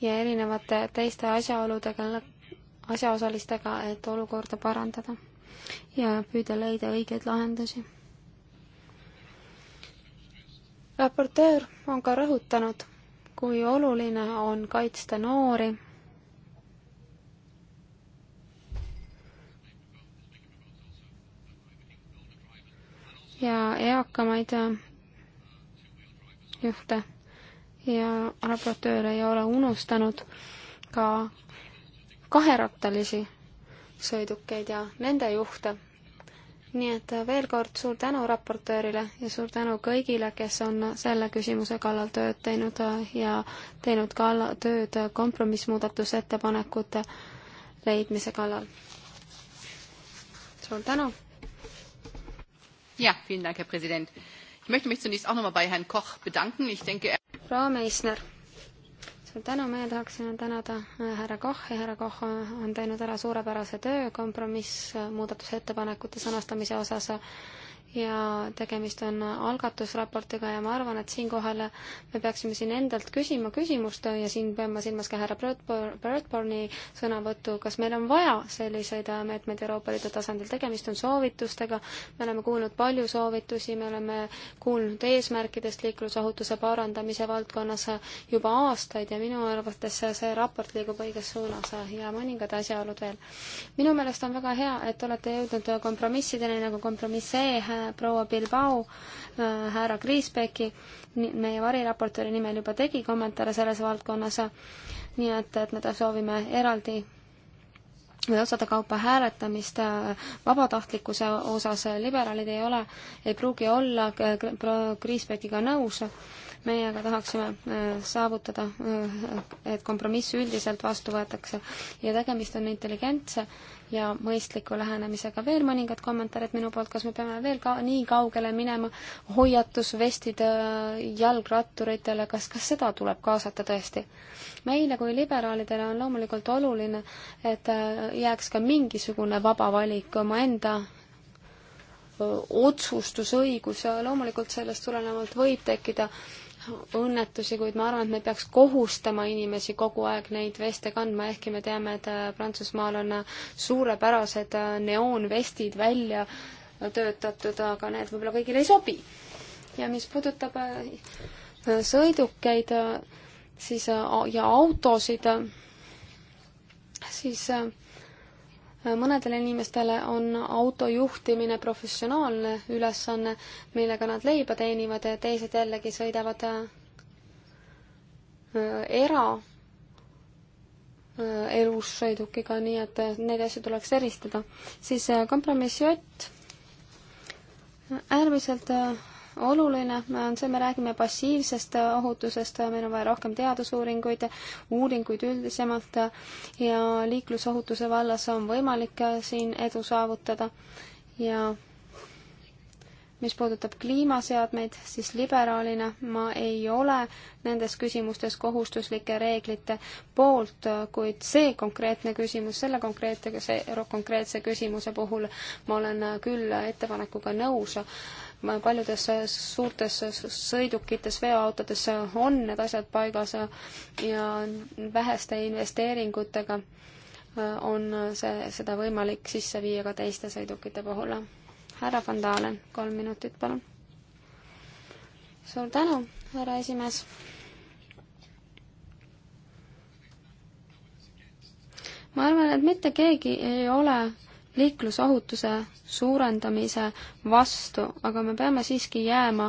ja erinevate teiste asjaoludega, asjaosalistega, et olukorda parandada ja püüda leida õigeid lahendusi. raportöör on ka rõhutanud, kui oluline on kaitsta noori ja eakamaid äh, juhte ja raportöör ei ole unustanud ka kaherattalisi sõidukeid ja nende juhte nii et äh, veel kord suur tänu raportöörile ja suur tänu kõigile, kes on selle küsimuse kallal tööd teinud äh, ja teinud ka tööd äh, kompromissmuudatusettepanekute leidmise kallal. suur tänu! jah, vielen Dank, Herr President. Ich möchte mich zunächst auch nochmal bei Herrn Koch bedanken. Ich denke, er- Frau Meissner suur tänu, meie tahaksime tänada äh, härra Koch ja härra Koch äh, on teinud ära suurepärase töö kompromiss äh, muudatusettepanekute sõnastamise osas ja tegemist on algatusraportiga ja ma arvan, et siinkohal me peaksime siin endalt küsima küsimust ja siin pean ma silmas ka härra Birdborni sõnavõttu, kas meil on vaja selliseid meetmeid Euroopa Liidu tasandil, tegemist on soovitustega, me oleme kuulnud palju soovitusi, me oleme kuulnud eesmärkidest liiklusohutuse parandamise valdkonnas juba aastaid ja minu arvates see raport liigub õiges suunas ja mõningad asjaolud veel. minu meelest on väga hea, et olete jõudnud kompromissideni nagu kompromiss E proua Bilbao äh, härra Kriisbeki, meie variraportööri nimel juba tegi kommentaare selles valdkonnas, nii et, et me soovime eraldi või osade kaupa hääletamist äh, vabatahtlikkuse osas liberaalid ei ole, ei pruugi olla äh, Kriisbekiga nõus meie aga tahaksime äh, saavutada, äh, et kompromiss üldiselt vastu võetakse ja tegemist on intelligentse ja mõistliku lähenemisega. veel mõningad kommentaarid minu poolt, kas me peame veel ka nii kaugele minema, hoiatusvestid äh, jalgratturitele, kas, kas seda tuleb kaasata tõesti? meile kui liberaalidele on loomulikult oluline, et jääks ka mingisugune vaba valik omaenda otsustusõigus ja loomulikult sellest tulenevalt võib tekkida õnnetusi, kuid ma arvan, et me peaks kohustama inimesi kogu aeg neid veste kandma, ehkki me teame, et äh, Prantsusmaal on äh, suurepärased äh, neoonvestid välja töötatud, aga need võib-olla kõigile ei sobi. ja mis puudutab sõidukeid siis ja autosid, siis mõnedele inimestele on auto juhtimine professionaalne ülesanne, millega nad leiba teenivad ja teised jällegi sõidavad äh, era äh, elus sõidukiga, nii et neid asju tuleks eristada. siis äh, kompromissi Ott, äärmiselt oluline on see, me räägime passiivsest ohutusest, meil on vaja rohkem teadusuuringuid, uuringuid üldisemalt ja liiklusohutuse vallas on võimalik siin edu saavutada ja mis puudutab kliimaseadmeid, siis liberaalina ma ei ole nendes küsimustes kohustuslike reeglite poolt, kuid see konkreetne küsimus, selle konkreetse, konkreetse küsimuse puhul ma olen küll ettepanekuga nõus paljudes suurtes sõidukites, veoautodes on need asjad paigas ja väheste investeeringutega on see, seda võimalik sisse viia ka teiste sõidukite puhul. härra Van Dalen, kolm minutit, palun. suur tänu, härra esimees. ma arvan, et mitte keegi ei ole liiklusohutuse suurendamise vastu, aga me peame siiski jääma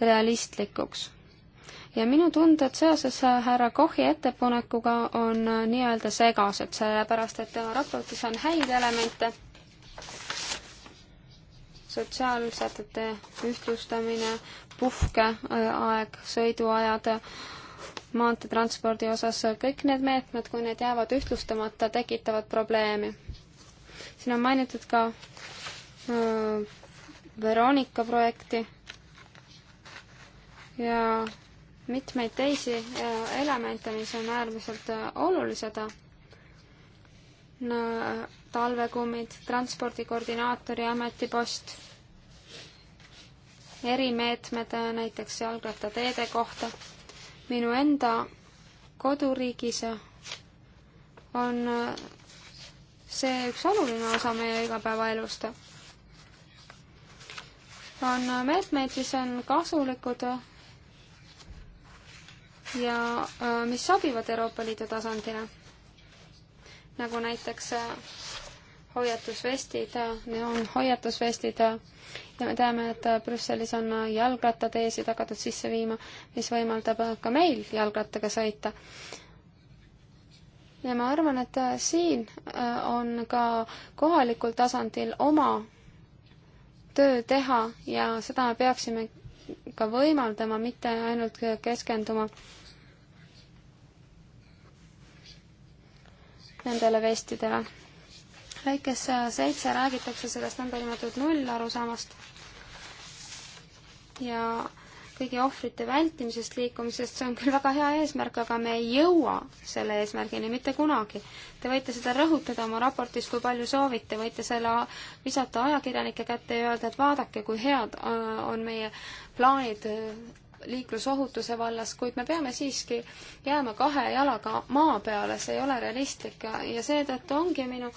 realistlikuks. ja minu tunded seoses äh, härra Kochi ettepanekuga on äh, nii-öelda segased, sellepärast et tema raportis on häid elemente, sotsiaalsätete ühtlustamine, puhkeaeg, äh, sõiduajad, maanteetranspordi osas, kõik need meetmed, kui need jäävad ühtlustamata, tekitavad probleemi siin on mainitud ka äh, Veronika projekti ja mitmeid teisi äh, elemente, mis on äärmiselt äh, olulised no,. talvekummid, transpordikoordinaatori ametipost, erimeetmed äh, näiteks jalgrattateede kohta. minu enda koduriigis äh, on äh, see üks oluline osa meie igapäevaelust. on meetmeid, mis on kasulikud ja äh, mis sobivad Euroopa Liidu tasandile, nagu näiteks äh, hoiatusvestid, need äh, on hoiatusvestid ja me teame, et Brüsselis on jalgrattateesid hakatud sisse viima, mis võimaldab ka meil jalgrattaga sõita ja ma arvan, et äh, siin äh, on ka kohalikul tasandil oma töö teha ja seda me peaksime ka võimaldama, mitte ainult keskenduma nendele vestidele. lõikes äh, seitse räägitakse sellest nõndanimetatud nullarusaamast ja kõigi ohvrite vältimisest liikumisest, see on küll väga hea eesmärk, aga me ei jõua selle eesmärgini mitte kunagi. Te võite seda rõhutada oma raportis, kui palju soovite, võite selle visata ajakirjanike kätte ja öelda, et vaadake, kui head äh, on meie plaanid äh, liiklusohutuse vallas, kuid me peame siiski jääma kahe jalaga maa peale, see ei ole realistlik ja, ja seetõttu ongi minu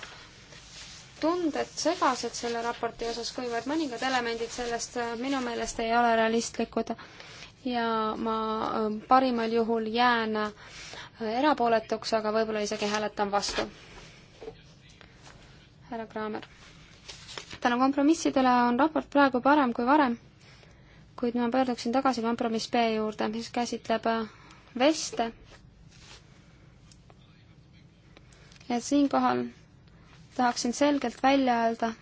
tunded segased selle raporti osas, kuivõrd mõningad elemendid sellest äh, minu meelest ei ole realistlikud ja ma äh, parimal juhul jään äh, erapooletuks, aga võib-olla isegi hääletan vastu. härra Kraamer. tänu kompromissidele on raport praegu parem kui varem, kuid ma pöörduksin tagasi kompromiss B juurde, mis käsitleb veste. ja siinkohal tahaksin selgelt välja öelda,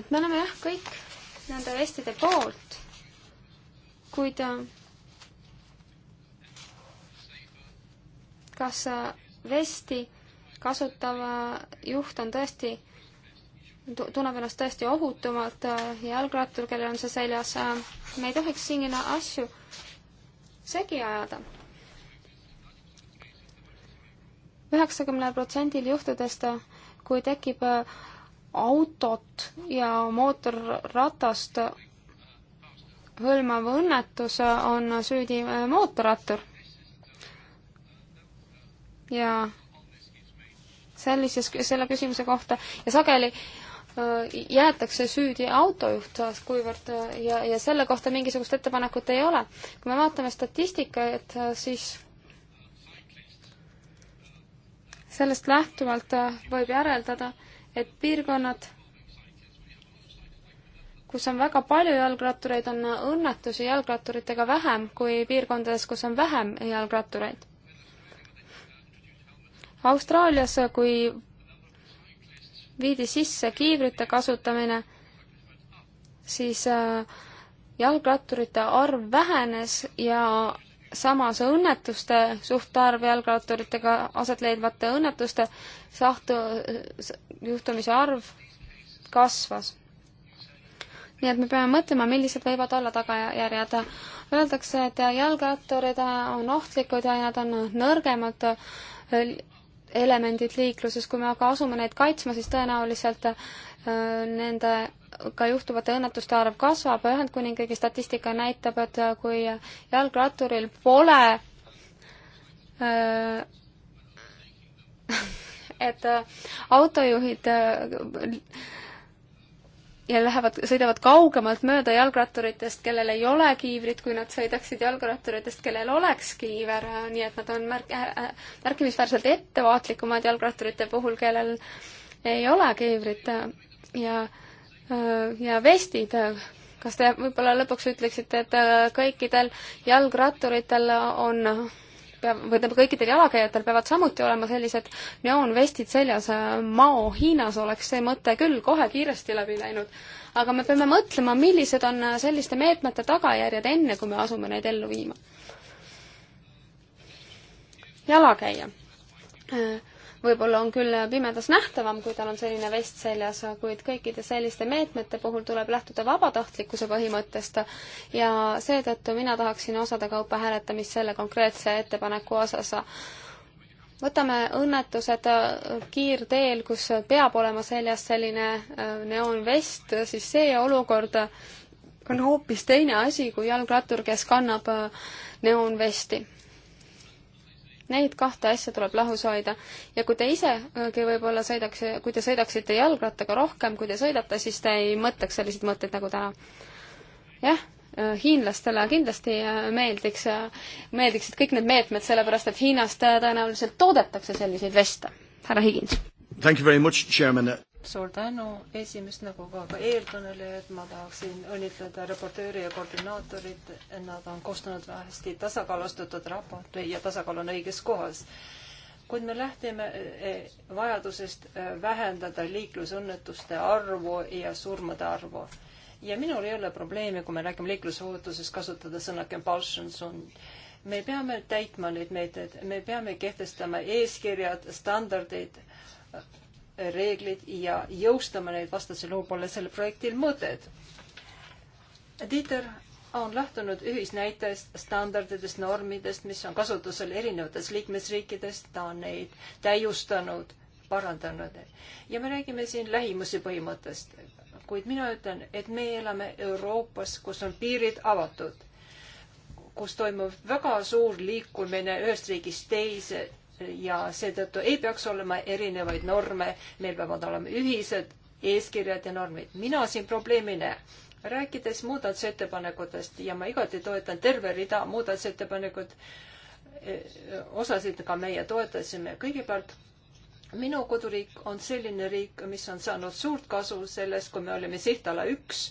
et me oleme jah, kõik nende vestide poolt, kuid äh, kas äh, vesti kasutav äh, juht on tõesti, tunneb ennast tõesti ohutumalt, jalgrattur, kellel on see seljas, me ei tohiks siin asju segi ajada üheksakümnel protsendil juhtudest, kui tekib äh, autot ja mootorratast hõlmav õnnetus, äh, on süüdi äh, mootorrattur. ja sellises, selle küsimuse kohta ja sageli jäetakse süüdi autojuht, kuivõrd ja, ja selle kohta mingisugust ettepanekut ei ole. kui me vaatame statistikat, siis sellest lähtuvalt äh, võib järeldada, et piirkonnad, kus on väga palju jalgrattureid, on äh, õnnetusi jalgratturitega vähem kui piirkondades, kus on vähem jalgrattureid. Austraalias, äh, kui viidi sisse kiivrite kasutamine, siis jalgratturite arv vähenes ja samas õnnetuste suhtarv jalgratturitega aset leidvate õnnetuste sahtu, juhtumise arv kasvas. nii et me peame mõtlema, millised võivad olla tagajärjed. Öeldakse, et jalgratturid on ohtlikud ja nad on nõrgemad elemendid liikluses, kui me aga asume neid kaitsma, siis tõenäoliselt äh, nende ka juhtuvate õnnetuste arv kasvab, Ühendkuningriigi statistika näitab, et kui jalgratturil pole äh, et äh, autojuhid äh, ja lähevad, sõidavad kaugemalt mööda jalgratturitest, kellel ei ole kiivrit, kui nad sõidaksid jalgratturitest, kellel oleks kiiver, nii et nad on märk-, märkimisväärselt ettevaatlikumad jalgratturite puhul, kellel ei ole kiivrit ja äh, Äh, ja vestid, äh, kas te võib-olla lõpuks ütleksite, et äh, kõikidel jalgratturitel on peab, või tähendab, kõikidel jalakäijatel peavad samuti olema sellised neoonvestid seljas. Mao Hiinas oleks see mõte küll kohe kiiresti läbi läinud. aga me peame mõtlema, millised on selliste meetmete tagajärjed, enne kui me asume neid ellu viima. jalakäija võib-olla on küll pimedas nähtavam, kui tal on selline vest seljas, kuid kõikide selliste meetmete puhul tuleb lähtuda vabatahtlikkuse põhimõttest ja seetõttu mina tahaksin osade kaupa hääletamist selle konkreetse ettepaneku osas. võtame õnnetused kiirteel, kus peab olema seljas selline äh, neoonvest, siis see olukord on hoopis teine asi kui jalgrattur, kes kannab äh, neoonvesti Neid kahte asja tuleb lahus hoida ja kui te isegi äh, võib-olla sõidaks, kui te sõidaksite jalgrattaga rohkem, kui te sõidate, siis te ei mõtleks selliseid mõtteid nagu täna. jah, äh, hiinlastele kindlasti äh, meeldiks, meeldiksid kõik need meetmed, sellepärast et Hiinas tõenäoliselt toodetakse selliseid veste. härra Higins. Thank you very much, chairman suur tänu esimest nagu ka, ka eelkõnelejad, ma tahaksin õnnitleda raportööri ja koordinaatorit, nad on koostanud hästi tasakaalustatud raporti ja tasakaal on õiges kohas kuid me lähtume eh, vajadusest eh, vähendada liiklusõnnetuste arvu ja surmade arvu. ja minul ei ole probleemi, kui me räägime liiklusohutusest, kasutada sõna compulsion. me peame täitma neid meetmeid, me peame kehtestama eeskirjad, standardid reeglid ja jõustama neid, vastasel juhul pole sellel projektil mõtet. Dieter on lähtunud ühisnäitest, standarditest, normidest, mis on kasutusel erinevates liikmesriikides, ta on neid täiustanud, parandanud. ja me räägime siin lähimuse põhimõttest, kuid mina ütlen, et me elame Euroopas, kus on piirid avatud, kus toimub väga suur liikumine ühest riigist teise ja seetõttu ei peaks olema erinevaid norme, meil peavad olema ühised eeskirjad ja normid. mina siin probleemi ei näe. rääkides muudatusettepanekutest ja ma igati toetan terve rida muudatusettepanekuid, e, osasid ka meie toetasime. kõigepealt minu koduriik on selline riik, mis on saanud suurt kasu sellest, kui me olime sihtala üks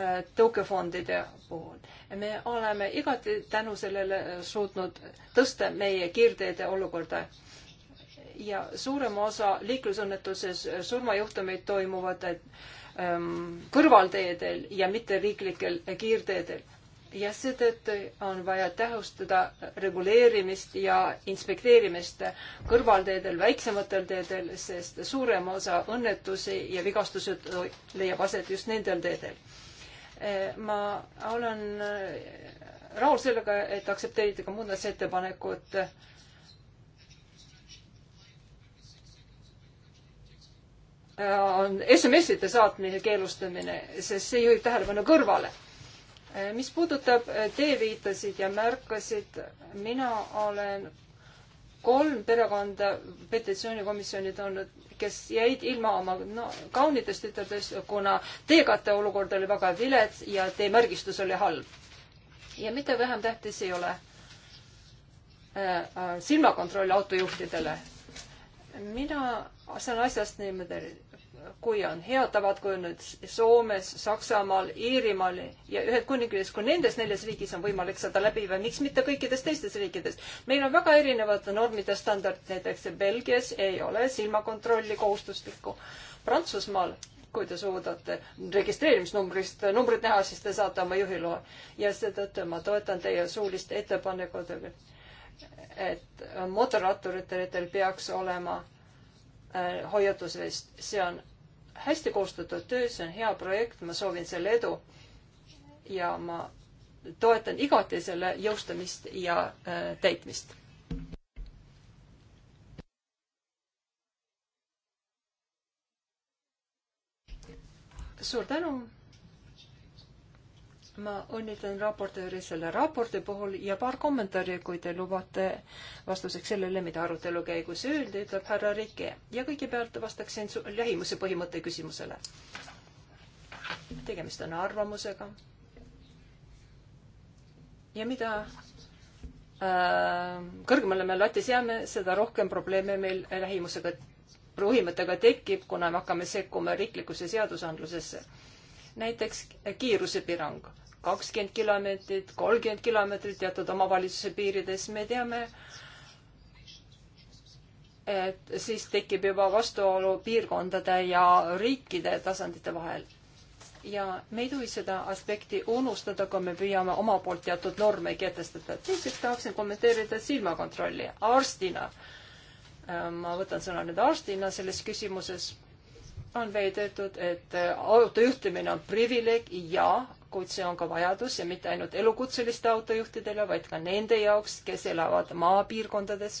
Äh, tõukefondide puhul. me oleme igati tänu sellele äh, suutnud tõsta meie kiirteede olukorda ja suurem osa liiklusõnnetuses äh, surmajuhtumeid toimuvad ähm, kõrvalteedel ja mitteriiklikel kiirteedel. ja seetõttu on vaja tähustada reguleerimist ja inspekteerimist kõrvalteedel, väiksematel teedel, sest suurem osa õnnetusi ja vigastused leiab aset just nendel teedel Eh, ma olen eh, rahul sellega, et aktsepteerite ka muudatusettepanekut. Eh, on SMS-ide saatmise keelustamine, sest see juhib tähelepanu kõrvale. mis puudutab teeviitasid ja märkasid, mina olen kolm perekonda petitsioonikomisjonid on, kes jäid ilma oma no, kaunitest tütardest, kuna teekatte olukord oli väga vilets ja teemärgistus oli halb. ja mitte vähem tähtis ei ole äh, äh silmakontroll autojuhtidele. mina saan asjast niimoodi kui on head tavad kujunenud Soomes, Saksamaal, Iirimaal ja Ühendkuningriigis, kui nendes neljas riigis on võimalik seda läbi viia, miks mitte kõikides teistes riikides? meil on väga erinevad normid ja standardid, näiteks Belgias ei ole silmakontrolli kohustuslikku. Prantsusmaal, kui te suudate registreerimisnumbrist numbrit näha, siis te saate oma juhiloa ja seetõttu ma toetan teie suulist ettepanekut, et mootorratturitel peaks olema äh, hoiatusvest, see on hästi koostatud töö, see on hea projekt, ma soovin selle edu. ja ma toetan igati selle jõustamist ja äh, täitmist. suur tänu ma õnnitlen raportööri selle raporti puhul ja paar kommentaari, kui te lubate, vastuseks sellele, mida arutelu käigus öeldi, ütleb härra Rike. ja kõigepealt vastaksin lähimuse põhimõtte küsimusele. tegemist on arvamusega. ja mida äh, kõrgemale me latis jääme, seda rohkem probleeme meil lähimusega, põhimõttega tekib, kuna me hakkame sekkuma riiklikusse seadusandlusesse näiteks kiirusepiirang kakskümmend kilomeetrit, kolmkümmend kilomeetrit teatud omavalitsuse piirides, me teame, et siis tekib juba vastuolu piirkondade ja riikide tasandite vahel. ja me ei tohi seda aspekti unustada, kui me püüame oma poolt teatud norme kehtestada. teiseks tahaksin kommenteerida silmakontrolli arstina. Ähm, ma võtan sõna nüüd arstina selles küsimuses on veedetud, et auto juhtimine on privileeg ja kuid see on ka vajadus ja mitte ainult elukutseliste autojuhtidele, vaid ka nende jaoks, kes elavad maapiirkondades.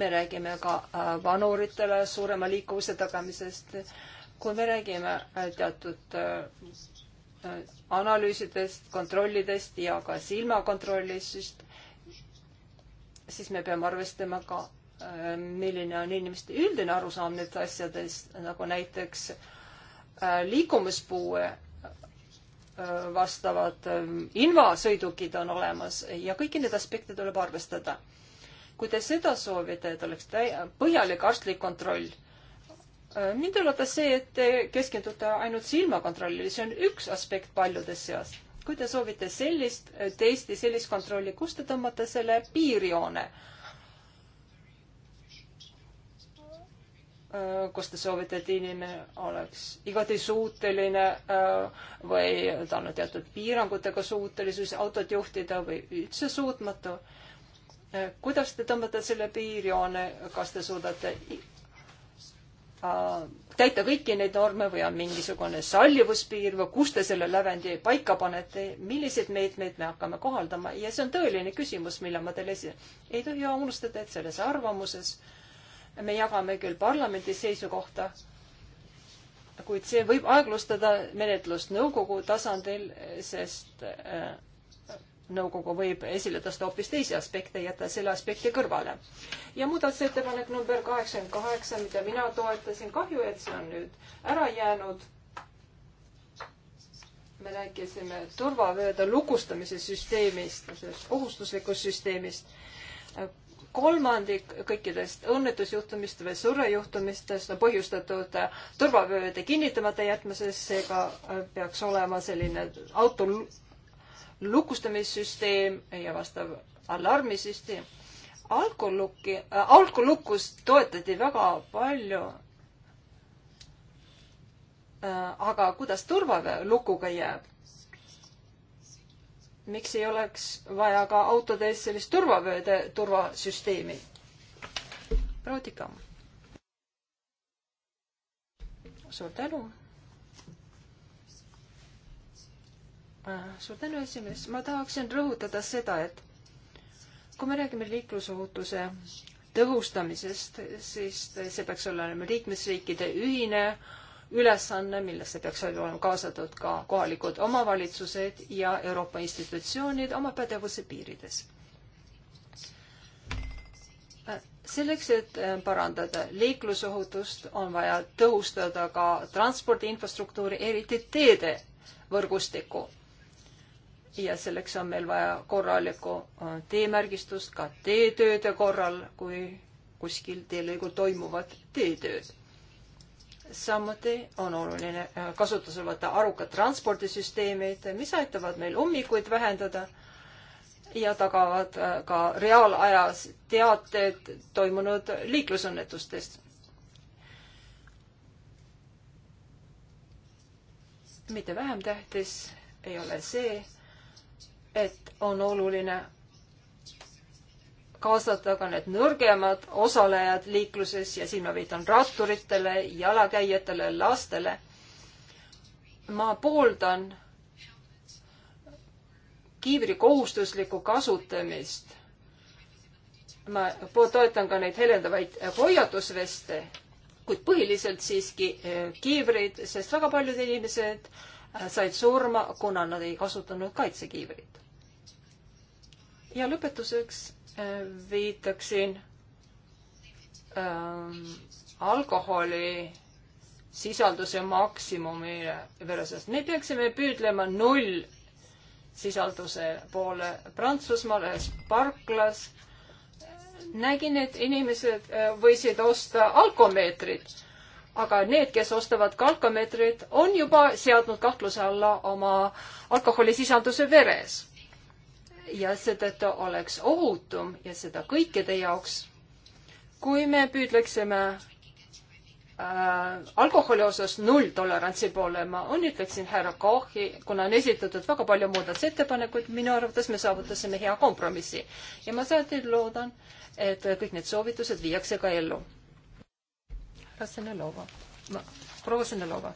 me räägime ka äh, vanuritele suurema liikuvuse tagamisest. kui me räägime äh, teatud äh, analüüsidest, kontrollidest ja ka silmakontrollist, siis, siis me peame arvestama ka, milline on inimeste üldine arusaam nendest asjadest, nagu näiteks äh, Äh, liikumispuue äh, vastavad äh, invasõidukid on olemas ja kõiki neid aspekte tuleb arvestada. kui te seda soovite, et oleks põhjalik arstlik kontroll, mind üllatas see, et te keskendute ainult silmakontrollile, see on üks aspekt paljude seas. kui te soovite sellist testi, sellist kontrolli, kust te tõmbate selle piirjoone äh, kus te soovite, et inimene oleks igati suuteline äh, või tal on teatud piirangutega suutelisus autot juhtida või üldse suutmatu. Äh, kuidas te tõmbate selle piirjoone, kas te suudate äh, täita kõiki neid norme või on mingisugune sallivuspiir või kus te selle lävendi paika panete, milliseid meetmeid me hakkame kohaldama ja see on tõeline küsimus, mille ma teile esitan. ei tohi unustada, et selles arvamuses äh, me jagame küll parlamendi seisukohta, kuid see võib aeglustada menetlust nõukogu tasandil, sest äh, nõukogu võib esile tõsta hoopis teisi aspekte, jätta selle aspekti kõrvale. ja muudatusettepanek number kaheksakümmend kaheksa, mida mina toetasin, kahju, et see on nüüd ära jäänud. me rääkisime turvavööde lukustamise süsteemist, sellest kohustuslikust süsteemist kolmandik kõikidest õnnetusjuhtumist või surrejuhtumistest on põhjustatud turvavööde kinnitamata jätmisest, seega äh, peaks olema selline auto lukustamissüsteem ja vastav alarmisüsteem. alkolukki äh,, alkolukkust toetati väga palju äh,. aga kuidas turvalukuga jääb? miks ei oleks vaja ka autodes sellist turvavööde turvasüsteemi? proua Tikam. suur tänu. Äh, suur tänu, esimees. ma tahaksin rõhutada seda, et kui me räägime liiklusohutuse tõhustamisest, siis see peaks olema liikmesriikide ühine ülesanne, millesse peaks olema kaasatud ka kohalikud omavalitsused ja Euroopa institutsioonid oma pädevuse piirides. selleks, et äh, parandada liiklusohutust, on vaja tõhustada ka transpordi infrastruktuuri, eriti teede võrgustikku. ja selleks on meil vaja korralikku äh, teemärgistust ka teetööde korral, kui kuskil teelõigul toimuvad teetööd samuti on oluline äh, kasutusele võtta arukad transpordisüsteemid, mis aitavad meil ummikuid vähendada ja tagavad äh, ka reaalajas teated toimunud liiklusõnnetustest. mitte vähem tähtis ei ole see, et on oluline kaasata ka need nõrgemad osalejad liikluses ja siin ma viitan ratturitele, jalakäijatele, lastele. ma pooldan kiivri kohustuslikku kasutamist. ma toetan ka neid helendavaid hoiatusveste, kuid põhiliselt siiski eh, kiivrid, sest väga paljud inimesed eh, said surma, kuna nad ei kasutanud kaitsekiivrit. ja lõpetuseks viitaksin ähm, alkoholi sisalduse maksimumile versus, me peaksime püüdlema null sisalduse poole. Prantsusmaal ühes parklas nägin, et inimesed äh, võisid osta alkomeetrit, aga need, kes ostavad ka alkomeetrit, on juba seadnud kahtluse alla oma alkoholisisalduse veres ja seetõttu oleks ohutum ja seda kõikide jaoks, kui me püüdleksime äh, alkoholi osas nulltolerantsi poole. ma õnnitleksin härra Kochi, kuna on esitatud väga palju muudatusettepanekuid, minu arvates me saavutasime hea kompromissi ja ma saati loodan, et kõik need soovitused viiakse ka ellu. härra Senelova, proua Senelova.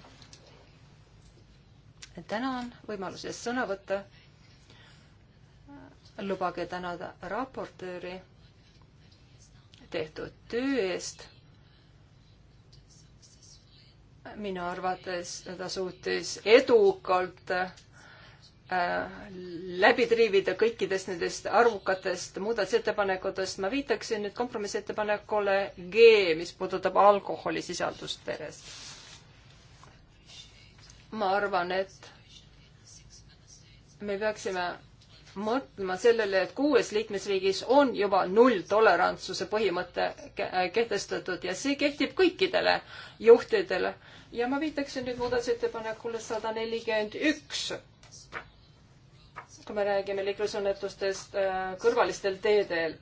tänan võimaluse eest sõna võtta lubage tänada raportööri tehtud töö eest. minu arvates ta suutis edukalt äh, läbi triivida kõikidest nendest arvukatest muudatusettepanekutest. ma viitaksin nüüd kompromissettepanekule G, mis puudutab alkoholisisaldust peres. ma arvan, et me peaksime mõtlema sellele, et kuues liikmesriigis on juba nulltolerantsuse põhimõte äh, kehtestatud ja see kehtib kõikidele juhtidele. ja ma viitaksin nüüd muudatusettepanekule sada nelikümmend üks. kui me räägime liiklusõnnetustest äh, kõrvalistel teedel.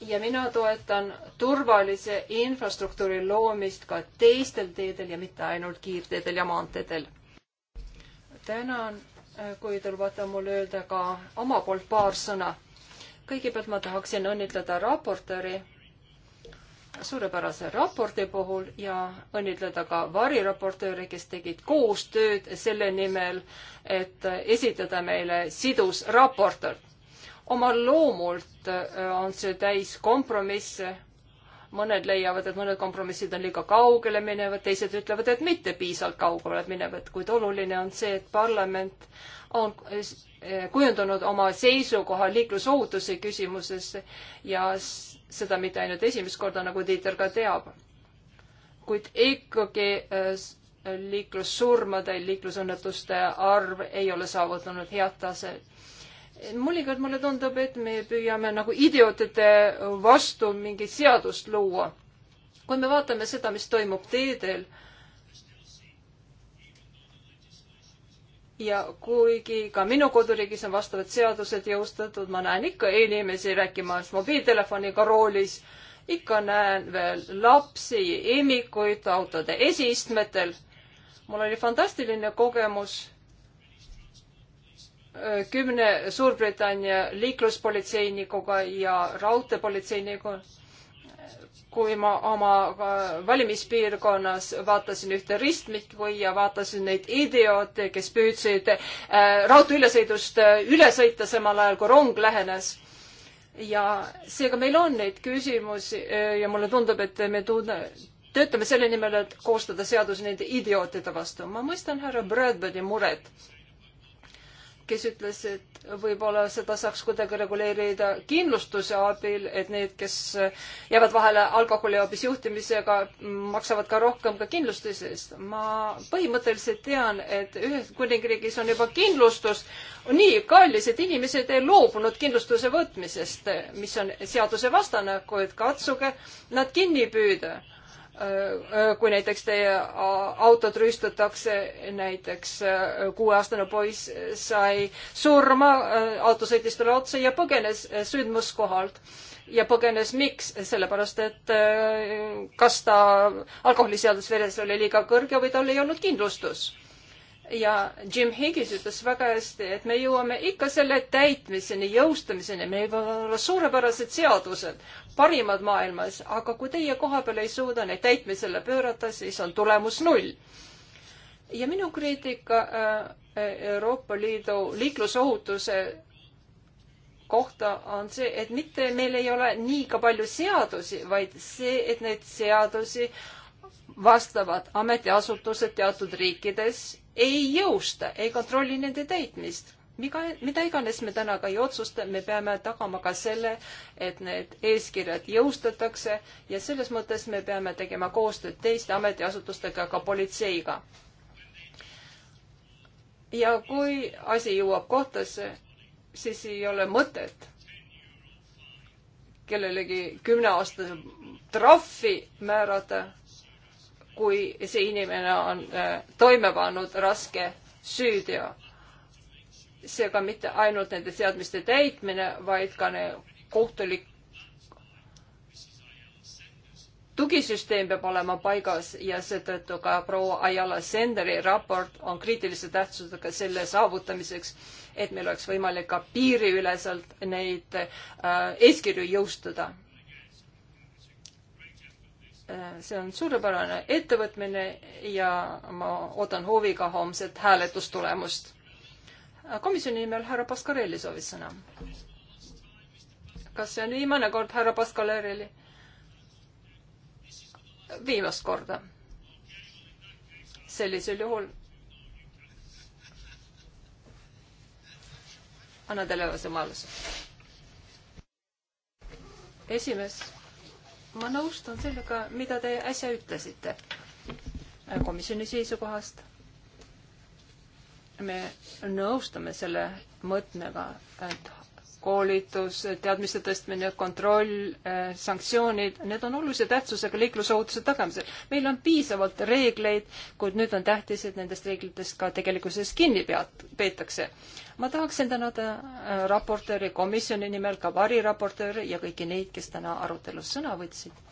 ja mina toetan turvalise infrastruktuuri loomist ka teistel teedel ja mitte ainult kiirteedel ja maanteedel. tänan Äh, kuid lubate mul öelda ka oma poolt paar sõna. kõigepealt ma tahaksin õnnitleda raportööri suurepärase raporti puhul ja õnnitleda ka variraportööre, kes tegid koostööd selle nimel, et esitada meile sidus raport. oma loomult äh, on see täis kompromisse mõned leiavad, et mõned kompromissid on liiga kaugele minevad, teised ütlevad, et mitte piisavalt kaugele minevad, kuid oluline on see, et parlament on eh, kujundanud oma seisukoha liiklusohutuse küsimuses ja seda mitte ainult esimest korda, nagu Tiiter ka teab. kuid ikkagi eh, liiklussurmade, liiklusõnnetuste arv ei ole saavutanud head taset mõnikord mulle tundub, et me püüame nagu idiootide vastu mingit seadust luua. kui me vaatame seda, mis toimub teedel ja kuigi ka minu koduriigis on vastavad seadused jõustatud, ma näen ikka inimesi rääkimas mobiiltelefoniga roolis, ikka näen veel lapsi, imikuid autode esiistmetel. mul oli fantastiline kogemus kümne Suurbritannia liikluspolitseinikuga ja raudteepolitseinikuga. kui ma oma äh, valimispiirkonnas vaatasin ühte ristmikku ja vaatasin neid idioote, kes püüdsid äh, raudteeülesõidust äh, üle sõita samal ajal, kui rong lähenes ja seega meil on neid küsimusi ja mulle tundub, et me tunne, töötame selle nimel, et koostada seadus nende idiootide vastu. ma mõistan härra Bradbury muret kes ütles, et võib-olla seda saaks kuidagi reguleerida kindlustuse abil, et need, kes jäävad vahele alkoholijoobis juhtimisega, maksavad ka rohkem ka kindlustuse eest. ma põhimõtteliselt tean, et Ühendkuningriigis on juba kindlustus on nii kallis, et inimesed ei loobunud kindlustuse võtmisest, mis on seadusevastane, kuid katsuge nad kinni püüda Äh, äh, kui näiteks teie autot rüüstatakse, näiteks äh, kuueaastane poiss sai surma, auto sõitis talle otsa ja põgenes sündmuskohalt. ja põgenes miks? sellepärast, et kas ta alkoholiseadus veres oli liiga kõrge või tal ei olnud kindlustus ja Jim Higgins ütles väga hästi, et me jõuame ikka selle täitmiseni, jõustamiseni, meil võivad olla suurepärased seadused, parimad maailmas, aga kui teie koha peal ei suuda neid täitmisele pöörata, siis on tulemus null. ja minu kriitika äh, Euroopa Liidu liiklusohutuse kohta on see, et mitte meil ei ole nii ka palju seadusi, vaid see, et neid seadusi vastavad ametiasutused teatud riikides ei jõusta, ei kontrolli nende täitmist. mida, mida iganes me täna ka ei otsusta, me peame tagama ka selle, et need eeskirjad jõustatakse ja selles mõttes me peame tegema koostööd teiste ametiasutustega, ka politseiga. ja kui asi jõuab kohtusse, siis ei ole mõtet kellelegi kümneaastase trahvi määrata kui see inimene on äh, toime pannud raske süüteo. seega mitte ainult nende seadmiste täitmine, vaid ka kohtulik tugisüsteem peab olema paigas ja seetõttu ka proua Ayala Senderi raport on kriitilise tähtsusega selle saavutamiseks, et meil oleks võimalik ka piiriüleselt neid äh, eeskirju jõustada Äh, see on suurepärane ettevõtmine ja ma ootan huviga homset hääletustulemust. Äh, komisjoni nimel härra Pascarelli soovis sõna. kas see on viimane kord härra Pascarelli? viimast korda. sellisel juhul annan teile võimaluse. esimees ma nõustun sellega, mida te äsja ütlesite äh, komisjoni seisukohast. me nõustume selle mõttega, et koolitus, teadmiste tõstmine, kontroll, eh, sanktsioonid, need on olulise tähtsusega liiklusohutuse tagamisel. meil on piisavalt reegleid, kuid nüüd on tähtis, et nendest reeglitest ka tegelikkuses kinni peat-, peetakse. ma tahaksin tänada eh, raportööri komisjoni nimel, ka variraportööri ja kõiki neid, kes täna arutelus sõna võtsid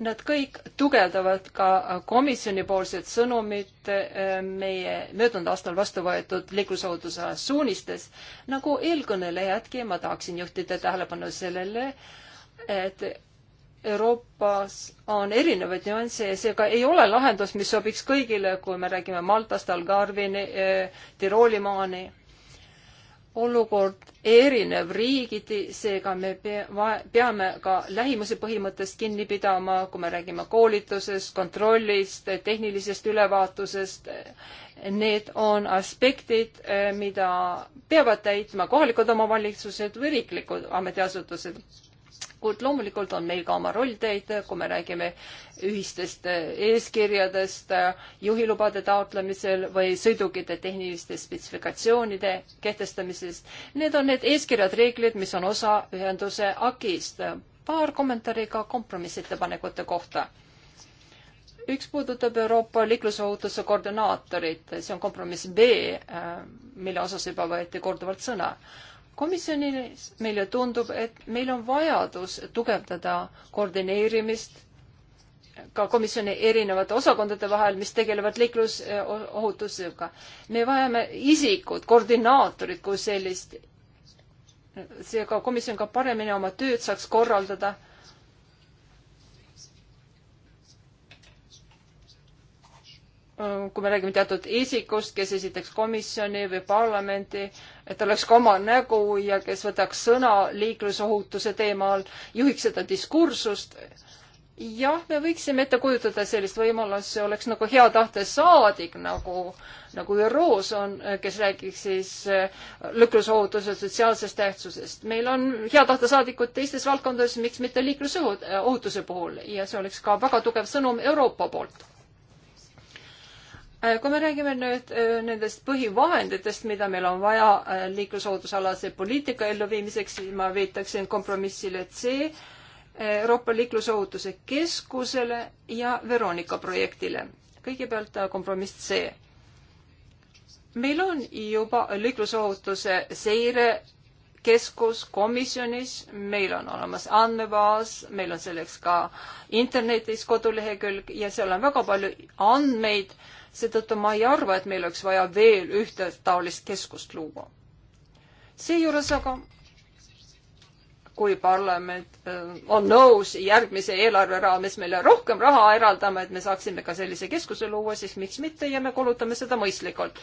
Nad kõik tugevdavad ka komisjonipoolset sõnumit eh, meie möödunud aastal vastu võetud liiklusohutuse suunistes. nagu eelkõnelejadki, ma tahaksin juhtida tähelepanu sellele, et Euroopas on erinevaid nüansse ja seega ei ole lahendust, mis sobiks kõigile, kui me räägime Maltast, Algarvini, eh, Tiroolimaani olukord erinev riigiti, seega me peame ka lähimuse põhimõttest kinni pidama, kui me räägime koolitusest, kontrollist, tehnilisest ülevaatusest. Need on aspektid, eh, mida peavad täitma kohalikud omavalitsused või riiklikud ametiasutused kuid loomulikult on meil ka oma roll täita, kui me räägime ühistest eeskirjadest juhilubade taotlemisel või sõidukite tehniliste spetsifikatsioonide kehtestamisest. Need on need eeskirjad, reeglid, mis on osa ühenduse agist. paar kommentaari ka kompromissettepanekute kohta. üks puudutab Euroopa liiklusohutuse koordinaatorit, see on kompromiss B, mille osas juba võeti korduvalt sõna komisjonile meile tundub, et meil on vajadus tugevdada koordineerimist ka komisjoni erinevate osakondade vahel, mis tegelevad liiklusohutusega. me vajame isikut, koordinaatorit kui sellist. seega komisjon ka paremini oma tööd saaks korraldada Äh, kui me räägime teatud isikust, kes esitaks komisjoni või parlamenti, et oleks ka oma nägu ja kes võtaks sõna liiklusohutuse teemal, juhiks seda diskursust. jah, me võiksime ette kujutada sellist võimalust, see oleks nagu hea tahte saadik, nagu, nagu ÜRO-s on, kes räägiks siis äh, liiklusohutuse sotsiaalsest tähtsusest. meil on hea tahte saadikud teistes valdkondades, miks mitte liiklusohutuse äh, puhul ja see oleks ka väga tugev sõnum Euroopa poolt Äh, kui me räägime nüüd äh, nendest põhivahenditest, mida meil on vaja äh, liiklusohutusalase poliitika elluviimiseks, siis ma viitaksin kompromissile C, Euroopa Liiklusohutuse Keskusele ja Veronika projektile. kõigepealt kompromiss C. meil on juba liiklusohutuse seire keskus komisjonis, meil on olemas andmebaas, meil on selleks ka internetis kodulehekülg ja seal on väga palju andmeid äh, seetõttu ma ei arva, et meil oleks vaja veel ühte taolist keskust luua. seejuures aga kui parlament äh, on nõus järgmise eelarve raames meile rohkem raha eraldama, et me saaksime ka sellise keskuse luua, siis miks mitte ja me kulutame seda mõistlikult.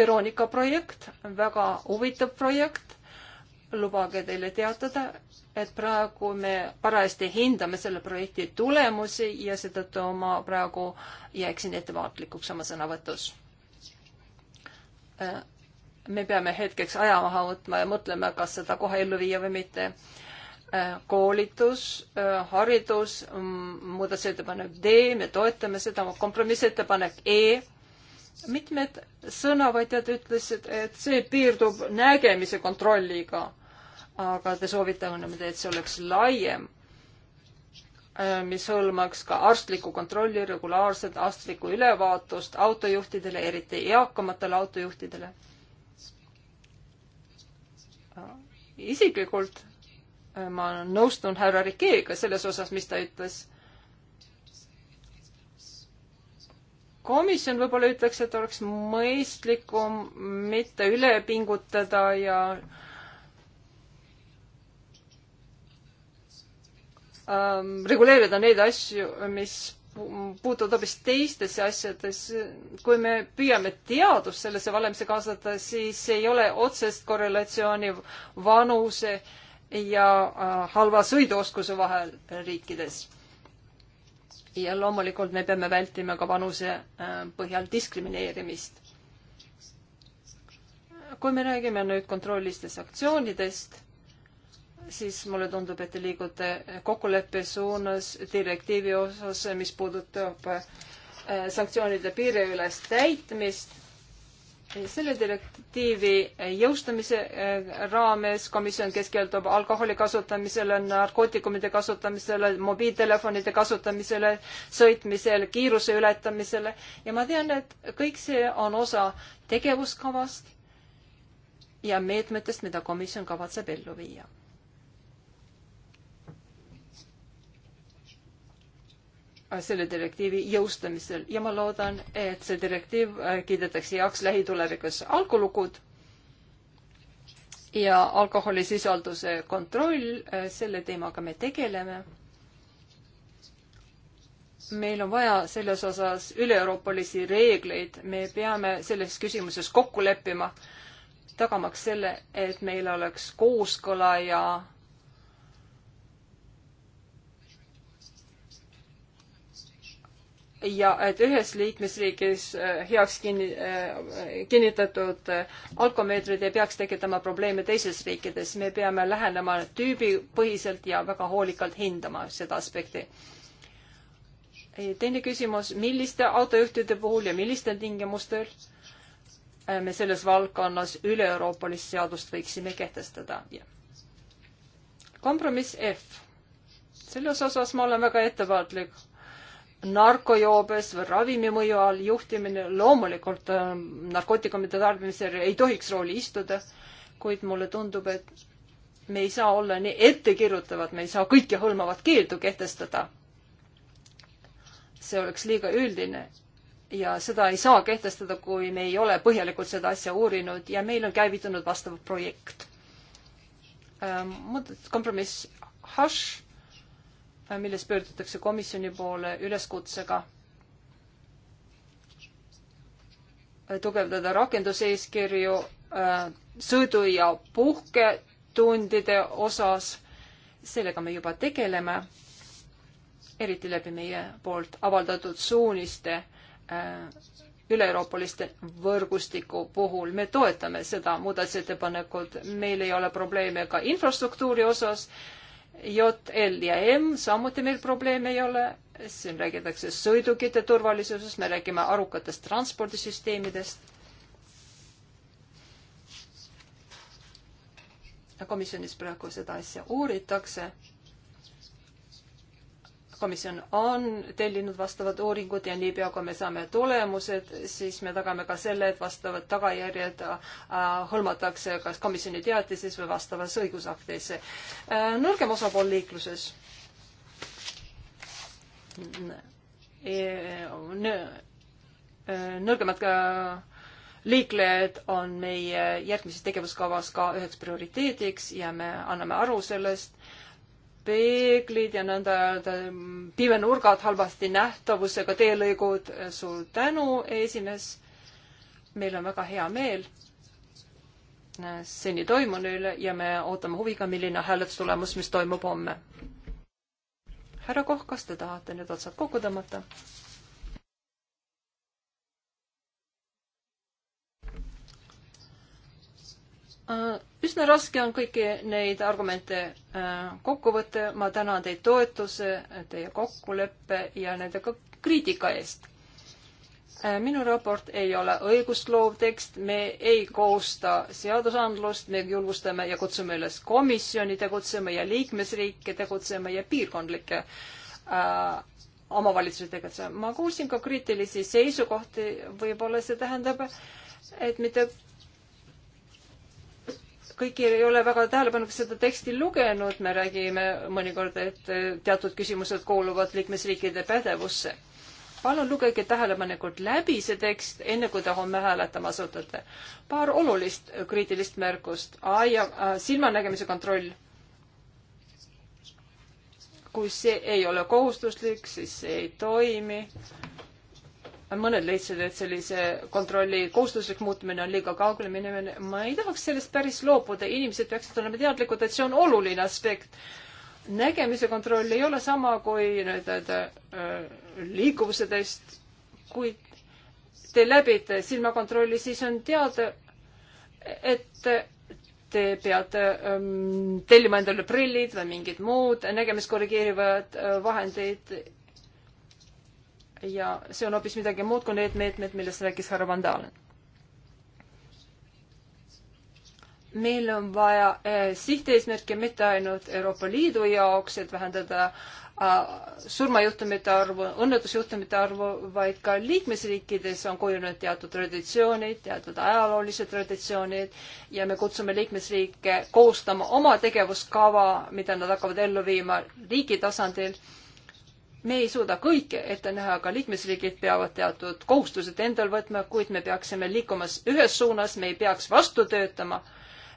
Veronika projekt, väga huvitav projekt lubage teile teatada, et praegu me parajasti hindame selle projekti tulemusi ja seetõttu ma praegu jääksin ettevaatlikuks oma sõnavõtus. Äh, me peame hetkeks aja maha võtma ja mõtlema, kas seda kohe ellu viia või mitte. Äh, koolitus, äh, haridus, mm, muudatusettepanek D, me toetame seda, kompromissettepanek E mitmed sõnavõtjad ütlesid, et see piirdub nägemise kontrolliga aga te soovitame teid, see oleks laiem, äh, mis hõlmaks ka arstlikku kontrolli, regulaarset arstlikku ülevaatust autojuhtidele, eriti eakamatele autojuhtidele. Äh, isiklikult äh, ma nõustun härra Rikeega selles osas, mis ta ütles komisjon võib-olla ütleks, et oleks mõistlikum mitte üle pingutada ja ähm, reguleerida neid asju, mis puutuvad hoopis teistesse asjadesse. kui me püüame teadust sellesse valemisse kaasata, siis ei ole otsest korrelatsiooni vanuse ja äh, halva sõiduoskuse vahel riikides. ja loomulikult me peame vältima ka vanuse äh, põhjal diskrimineerimist. kui me räägime nüüd kontrollist ja sanktsioonidest siis mulle tundub, et te liigute kokkuleppe suunas direktiivi osas, mis puudutab äh, sanktsioonide piiriülest täitmist. selle direktiivi jõustamise äh, raames komisjon keskendub alkoholi kasutamisele, narkootikumide kasutamisele, mobiiltelefonide kasutamisele, sõitmisele, kiiruse ületamisele ja ma tean, et kõik see on osa tegevuskavast ja meetmetest, mida komisjon kavatseb ellu viia Äh, selle direktiivi jõustamisel ja ma loodan, et see direktiiv äh, kiidetakse heaks lähitulevikus alkolukud ja alkoholisisalduse kontroll, äh, selle teemaga me tegeleme. meil on vaja selles osas üle-euroopalisi reegleid, me peame selles küsimuses kokku leppima, tagamaks selle, et meil oleks kooskõla ja ja et ühes liikmesriigis äh, heaks kinni, äh, kinnitatud äh, alkomeetrid ei peaks tekitama probleeme teises riikides. me peame lähenema tüübipõhiselt ja väga hoolikalt hindama seda aspekti. teine küsimus, milliste autojuhtide puhul ja millistel tingimustel me selles valdkonnas üle-euroopalist seadust võiksime kehtestada? kompromiss F. selles osas ma olen väga ettevaatlik narkojoobes või ravimi mõju all juhtimine, loomulikult äh, narkootikumide tarbimisel ei tohiks rooli istuda, kuid mulle tundub, et me ei saa olla nii ettekirjutavad, me ei saa kõike hõlmavat keeldu kehtestada. see oleks liiga üldine ja seda ei saa kehtestada, kui me ei ole põhjalikult seda asja uurinud ja meil on käivitunud vastav projekt. Äh, kompromiss hash Äh, milles pöördutakse komisjoni poole üleskutsega äh, tugevdada rakenduseeskirju äh, sõidu- ja puhketundide osas. sellega me juba tegeleme, eriti läbi meie poolt avaldatud suuniste üle-euroopaliste võrgustiku puhul. me toetame seda muudatusettepanekut, meil ei ole probleeme ka infrastruktuuri osas JL ja M, samuti meil probleeme ei ole, siin räägitakse sõidukite turvalisusest, me räägime arukatest transpordisüsteemidest. komisjonis praegu seda asja uuritakse komisjon on tellinud vastavad uuringud ja niipea, kui me saame tulemused, siis me tagame ka selle, et vastavad tagajärjed äh, hõlmatakse kas komisjoni teatises või vastavas õigusaktis. Äh, nõrgem osapool liikluses. E-, e-, nõrgemad ka liiklejad on meie järgmises tegevuskavas ka üheks prioriteediks ja me anname aru sellest peeglid ja nõnda öelda pimenurgad, halvasti nähtavusega teelõigud. suur tänu, esimees. meil on väga hea meel seni toimunu üle ja me ootame huviga, milline hääletustulemus, mis toimub homme. härra Koch, kas te tahate need otsad kokku tõmmata? Äh, üsna raske on kõiki neid argumente äh, kokku võtta. ma tänan teid toetuse, teie kokkuleppe ja nende ka kriitika eest. Äh, minu raport ei ole õigustloov tekst, me ei koosta seadusandlust, me julgustame ja kutsume üles komisjoni tegutsema ja liikmesriike tegutsema ja piirkondlikke äh, omavalitsusi tegutsema. ma kuulsin ka kriitilisi seisukohti, võib-olla see tähendab, et mitte kõik ei ole väga tähelepanelikult seda teksti lugenud, me räägime mõnikord, et eh, teatud küsimused kuuluvad liikmesriikide pädevusse. palun lugege tähelepanelikult läbi see tekst, enne kui te homme hääletama asutute. paar olulist eh, kriitilist märkust. ja eh, silmanägemise kontroll. kui see ei ole kohustuslik, siis see ei toimi mõned leidsid, et sellise kontrolli kohustuslik muutmine on liiga kaugele minemine. ma ei tahaks sellest päris loobuda, inimesed peaksid olema teadlikud, et see on oluline aspekt. nägemise kontroll ei ole sama kui nii-öelda äh, liikuvuse test, kuid te läbite silmakontrolli, siis on teada, et te peate ähm, tellima endale prillid või mingid muud nägemiskorrigeerivad äh, vahendid ja see on hoopis midagi muud kui need meetmed, millest rääkis härra Van Dalen. meil on vaja äh, sihteesmärke mitte ainult Euroopa Liidu jaoks, et vähendada äh, surmajuhtumite arvu, õnnetusjuhtumite arvu, vaid ka liikmesriikides on kujunenud teatud traditsioonid, teatud ajaloolised traditsioonid ja me kutsume liikmesriike koostama oma tegevuskava, mida nad hakkavad ellu viima riigi tasandil me ei suuda kõike ette näha, aga liikmesriigid peavad teatud kohustused endal võtma, kuid me peaksime liikuma ühes suunas, me ei peaks vastu töötama.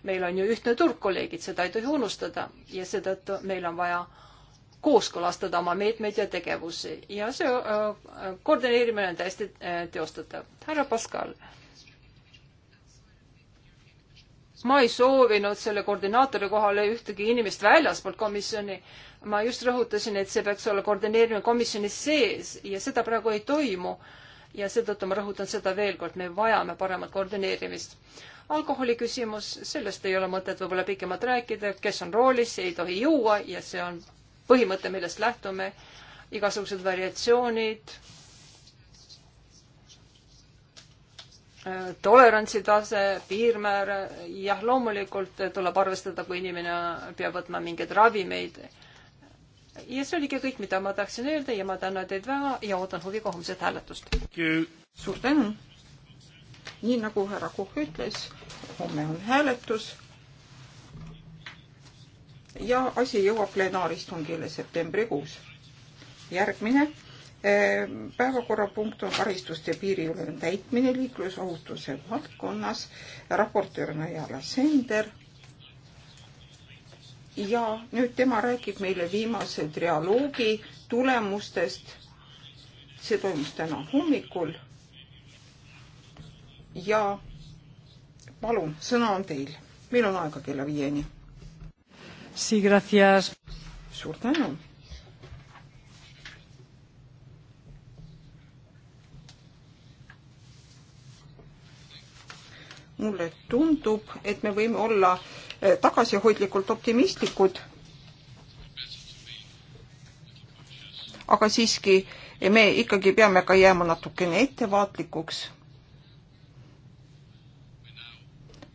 meil on ju ühtne turg, kolleegid, seda ei tohi unustada ja seetõttu meil on vaja kooskõlastada oma meetmeid ja tegevusi ja see äh, koordineerimine on täiesti äh, teostatav. härra Pascal äh, ma ei soovinud selle koordinaatori kohale ühtegi inimest väljaspoolt komisjoni. ma just rõhutasin, et see peaks olla koordineerimine komisjoni sees ja seda praegu ei toimu. ja seetõttu ma rõhutan seda veel kord, me vajame paremat koordineerimist. alkoholi küsimus, sellest ei ole mõtet võib-olla pikemalt rääkida, kes on roolis, ei tohi juua ja see on põhimõte, millest lähtume. igasugused variatsioonid tolerantsi tase, piirmäär, jah, loomulikult tuleb arvestada, kui inimene peab võtma mingeid ravimeid. ja see oligi kõik, mida ma tahtsin öelda ja ma tänan teid väga ja ootan huviga homset hääletust. suur tänu! nii nagu härra Kuhh ütles, homme on hääletus ja asi jõuab plenaaristungile septembrikuus. järgmine Ehm, päevakorrapunkt on karistuste piiriülene täitmine liiklusohutuse valdkonnas. raportöör on Ajala Sender. ja nüüd tema räägib meile viimase trialoogi tulemustest. see toimus täna hommikul. ja palun, sõna on teil. meil on aega kella viieni. suur tänu mulle tundub, et me võime olla eh, tagasihoidlikult optimistlikud. aga siiski eh, me ikkagi peame ka jääma natukene ettevaatlikuks.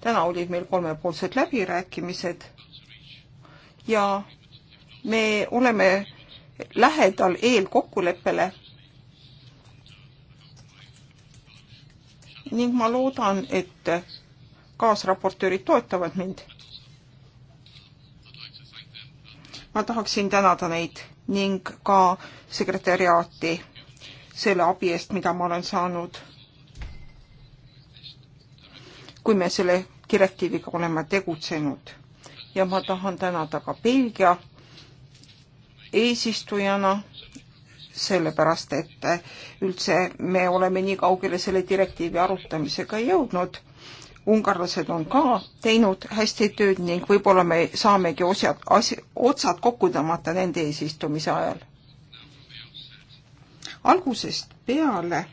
täna olid meil kolmepoolsed läbirääkimised ja me oleme lähedal eelkokkuleppele ning ma loodan, et kaasraportöörid toetavad mind. ma tahaksin tänada neid ning ka sekretäriaati selle abi eest, mida ma olen saanud. kui me selle direktiiviga oleme tegutsenud ja ma tahan tänada ka Belgia eesistujana sellepärast et üldse me oleme nii kaugele selle direktiivi arutamisega jõudnud. ungarlased on ka teinud hästi tööd ning võib-olla me saamegi osad, otsad kokku tõmmata nende eesistumise ajal. algusest peale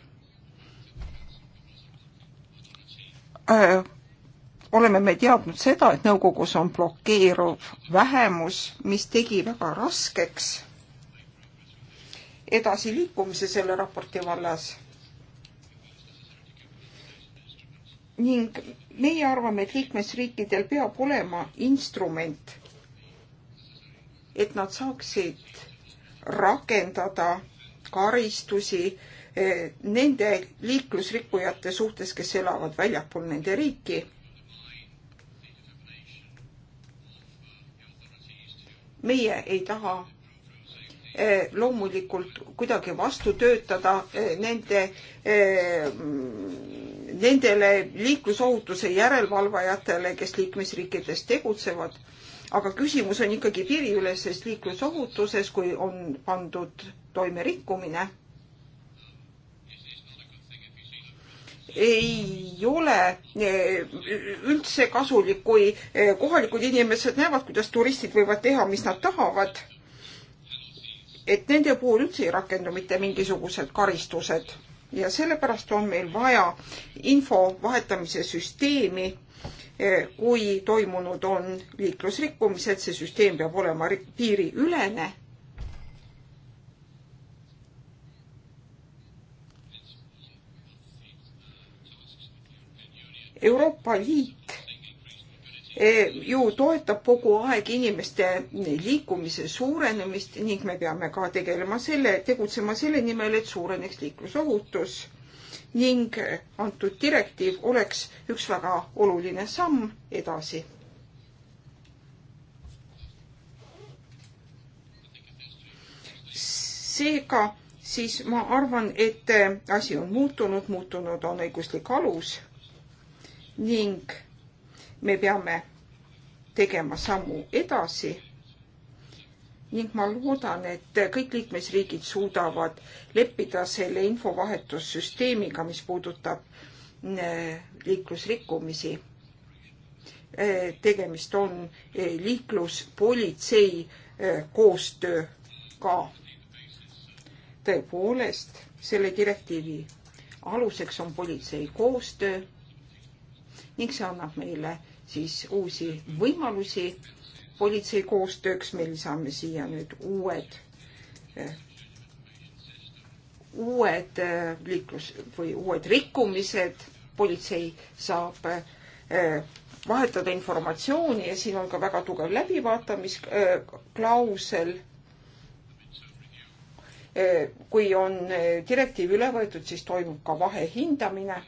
öö, oleme me teadnud seda, et nõukogus on blokeeruv vähemus, mis tegi väga raskeks edasiliikumise selle raporti vallas. ning meie arvame, et liikmesriikidel peab olema instrument, et nad saaksid rakendada karistusi eh, nende liiklusrikkujate suhtes, kes elavad väljapool nende riiki meie ei taha Eh, loomulikult kuidagi vastu töötada eh, nende, eh, nendele liiklusohutuse järelevalvajatele, kes liikmesriikides tegutsevad. aga küsimus on ikkagi piiriüleses liiklusohutuses, kui on pandud toime rikkumine. ei ole üldse kasulik, kui kohalikud inimesed näevad, kuidas turistid võivad teha, mis nad tahavad et nende puhul üldse ei rakendu mitte mingisugused karistused ja sellepärast on meil vaja info vahetamise süsteemi, eh, kui toimunud on liiklusrikkumised, see süsteem peab olema piiriülene. Euroopa Liit Eh, ju toetab kogu aeg inimeste liikumise suurenemist ning me peame ka tegelema selle, tegutsema selle nimel, et suureneks liiklusohutus ning antud direktiiv oleks üks väga oluline samm edasi. seega siis ma arvan, et asi on muutunud, muutunud on õiguslik alus ning me peame tegema sammu edasi ning ma loodan, et kõik liikmesriigid suudavad leppida selle infovahetussüsteemiga, mis puudutab äh, liiklusrikkumisi. Äh, tegemist on äh, liikluspolitsei koostööga. tõepoolest, selle direktiivi aluseks on politsei koostöö ning see annab meile siis uusi võimalusi politsei koostööks. me lisame siia nüüd uued, eh, uued eh, liiklus või uued rikkumised. politsei saab eh, vahetada informatsiooni ja siin on ka väga tugev läbivaatamisklausel kui on direktiiv üle võetud, siis toimub ka vahehindamine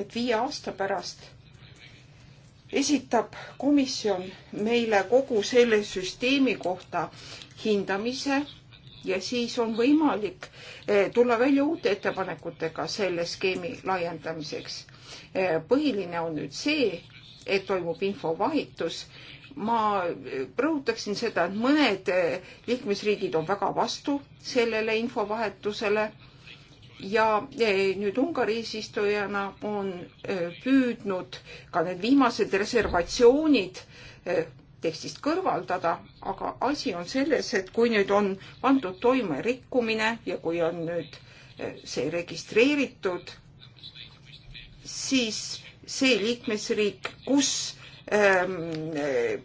et viie aasta pärast esitab komisjon meile kogu selle süsteemi kohta hindamise ja siis on võimalik eh, tulla välja uute ettepanekutega selle skeemi laiendamiseks. Eh, põhiline on nüüd see, et toimub infovahetus. ma rõhutaksin seda, et mõned eh, liikmesriigid on väga vastu sellele infovahetusele ja e, nüüd Ungari eesistujana on e, püüdnud ka need viimased reservatsioonid e, tekstist kõrvaldada, aga asi on selles, et kui nüüd on pandud toime rikkumine ja kui on nüüd see registreeritud, siis see liikmesriik, kus Ehm, eh,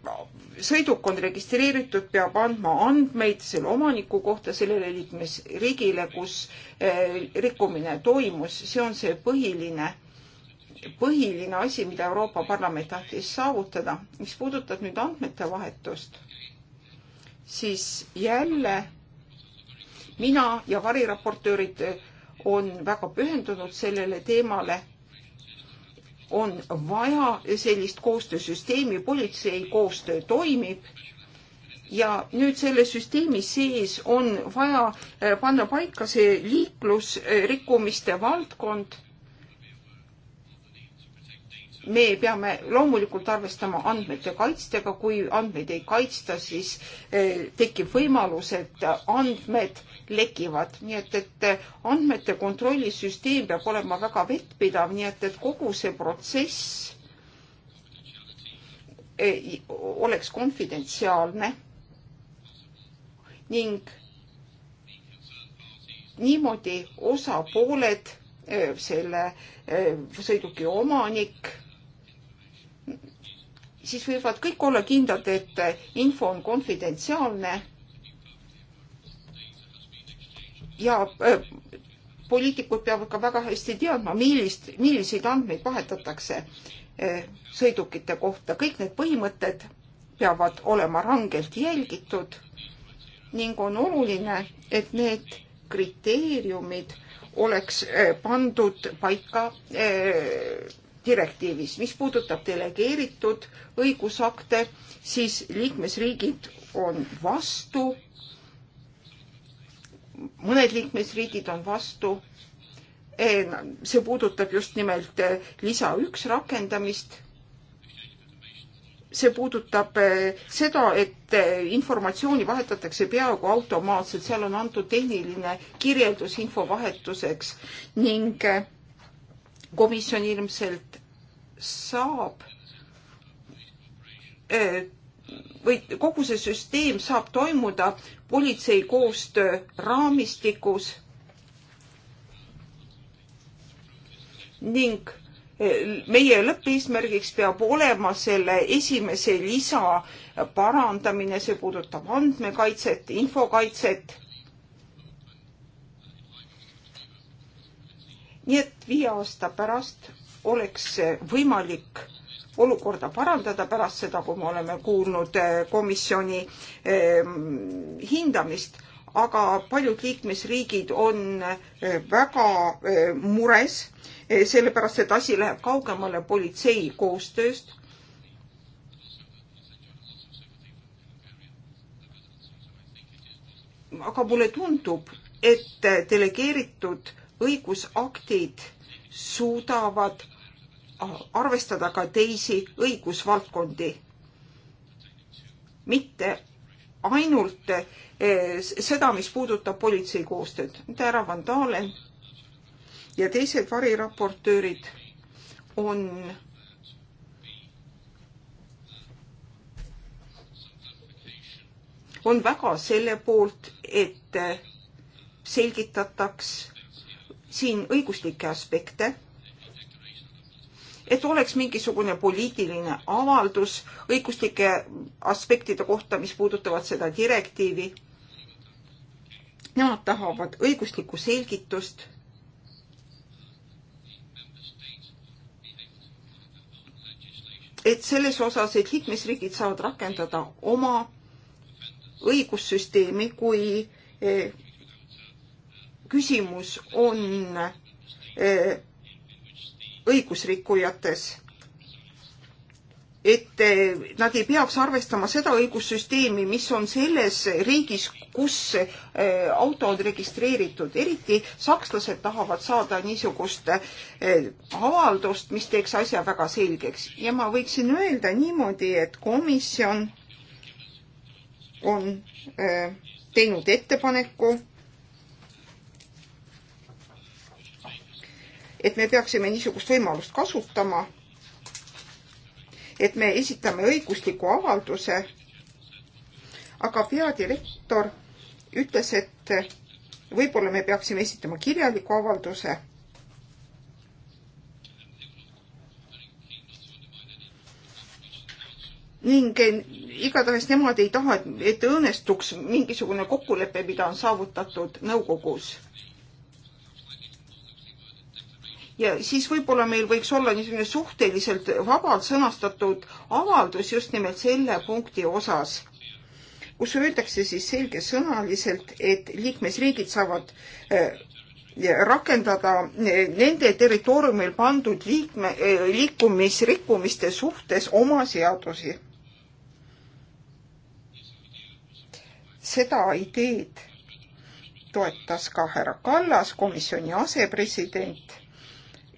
sõiduk on registreeritud, peab andma andmeid selle omaniku kohta sellele liikmesriigile, kus eh, rikkumine toimus, see on see põhiline, põhiline asi, mida Euroopa Parlament tahtis saavutada. mis puudutab nüüd andmete vahetust, siis jälle mina ja variraportöörid eh, on väga pühendunud sellele teemale on vaja sellist koostöösüsteemi, politsei koostöö toimib ja nüüd selle süsteemi sees on vaja eh, panna paika see liiklusrikkumiste valdkond me peame loomulikult arvestama andmete kaitstega, kui andmeid ei kaitsta, siis eh, tekib võimalus, et andmed lekivad, nii et, et eh, andmete kontrollisüsteem peab olema väga vettpidav, nii et, et kogu see protsess eh, oleks konfidentsiaalne ning niimoodi osapooled, selle sõiduki omanik siis võivad kõik olla kindlad, et info on konfidentsiaalne. ja äh, poliitikud peavad ka väga hästi teadma, millist, milliseid andmeid vahetatakse äh, sõidukite kohta. kõik need põhimõtted peavad olema rangelt jälgitud ning on oluline, et need kriteeriumid oleks äh, pandud paika direktiivis. mis puudutab delegeeritud õigusakte, siis liikmesriigid on vastu. mõned liikmesriigid on vastu. E, see puudutab just nimelt e, lisa üks rakendamist. see puudutab e, seda, et informatsiooni vahetatakse peaaegu automaatselt, seal on antud tehniline kirjeldus infovahetuseks ning komisjon ilmselt saab eh, või kogu see süsteem saab toimuda politsei koostöö raamistikus ning eh, meie lõppeesmärgiks peab olema selle esimese lisa parandamine, see puudutab andmekaitset, infokaitset nii et viie aasta pärast oleks võimalik olukorda parandada pärast seda, kui me oleme kuulnud eh, komisjoni eh, hindamist, aga paljud liikmesriigid on eh, väga mures, sellepärast et asi läheb kaugemale politsei koostööst aga mulle tundub, et delegeeritud õigusaktid suudavad arvestada ka teisi õigusvaldkondi. mitte ainult eh, seda, mis puudutab politsei koostööd. härra Van Dalen ja teised variraportöörid on on väga selle poolt, et selgitataks siin õiguslikke aspekte, et oleks mingisugune poliitiline avaldus õiguslike aspektide kohta, mis puudutavad seda direktiivi. Nemad tahavad õiguslikku selgitust et selles osas, et liikmesriigid saavad rakendada oma õigussüsteemi, kui eh, küsimus on eh, õigusrikkujates. et eh, nad ei peaks arvestama seda õigussüsteemi, mis on selles riigis, kus eh, auto on registreeritud. eriti sakslased tahavad saada niisugust avaldust, mis teeks asja väga selgeks. ja ma võiksin öelda niimoodi, et komisjon on teinud ettepaneku et me peaksime niisugust võimalust kasutama, et me esitame õigusliku avalduse, aga peadirektor ütles, et võib-olla me peaksime esitama kirjaliku avalduse. ning igatahes nemad ei taha, et õnnestuks mingisugune kokkulepe, mida on saavutatud nõukogus ja siis võib-olla meil võiks olla niisugune suhteliselt vabalt sõnastatud avaldus just nimelt selle punkti osas, kus öeldakse siis selgesõnaliselt, et liikmesriigid saavad eh, rakendada eh, nende territooriumil pandud liikme, eh, liikumisrikkumiste suhtes oma seadusi. seda ideed toetas ka härra Kallas, komisjoni asepresident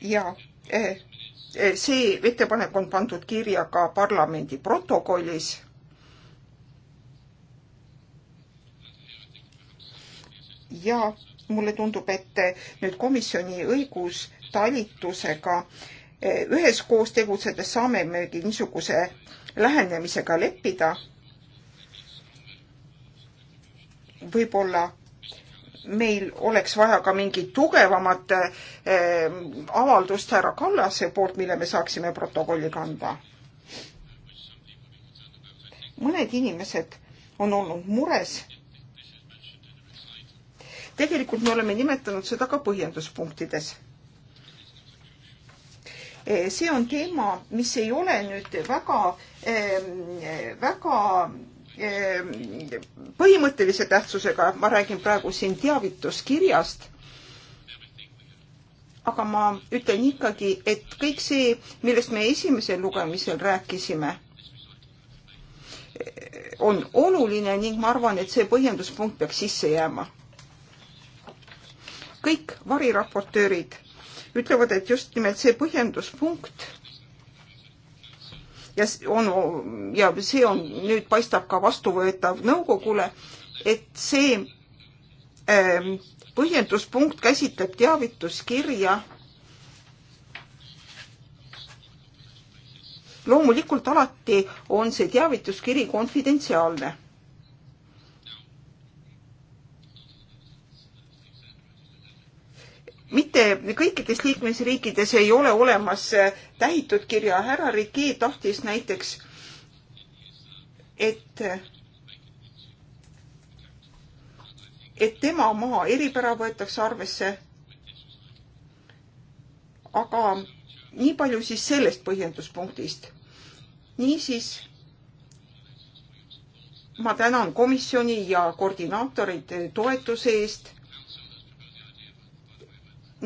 ja eh, eh, see ettepanek on pandud kirja ka parlamendi protokollis. ja mulle tundub, et eh, nüüd komisjoni õigustalitusega üheskoos tegutsedes saame me niisuguse lähenemisega leppida. võib-olla meil oleks vaja ka mingit tugevamat eh, avaldust härra Kallase poolt, mille me saaksime protokolli kanda. mõned inimesed on olnud mures. tegelikult me oleme nimetanud seda ka põhjenduspunktides eh, see on teema, mis ei ole nüüd väga, eh, väga Ehm, põhimõttelise tähtsusega, ma räägin praegu siin teavituskirjast, aga ma ütlen ikkagi, et kõik see, millest me esimesel lugemisel rääkisime, on oluline ning ma arvan, et see põhjenduspunkt peaks sisse jääma. kõik variraportöörid ütlevad, et just nimelt see põhjenduspunkt ja on ja see on nüüd paistab ka vastuvõetav nõukogule, et see ähm, põhjenduspunkt käsitleb teavituskirja. loomulikult alati on see teavituskiri konfidentsiaalne kõikides liikmesriikides ei ole olemas äh, tähitud kirja. härra Rikki tahtis näiteks, et et tema maa eripära võetakse arvesse. aga nii palju siis sellest põhjenduspunktist. niisiis ma tänan komisjoni ja koordinaatorid toetuse eest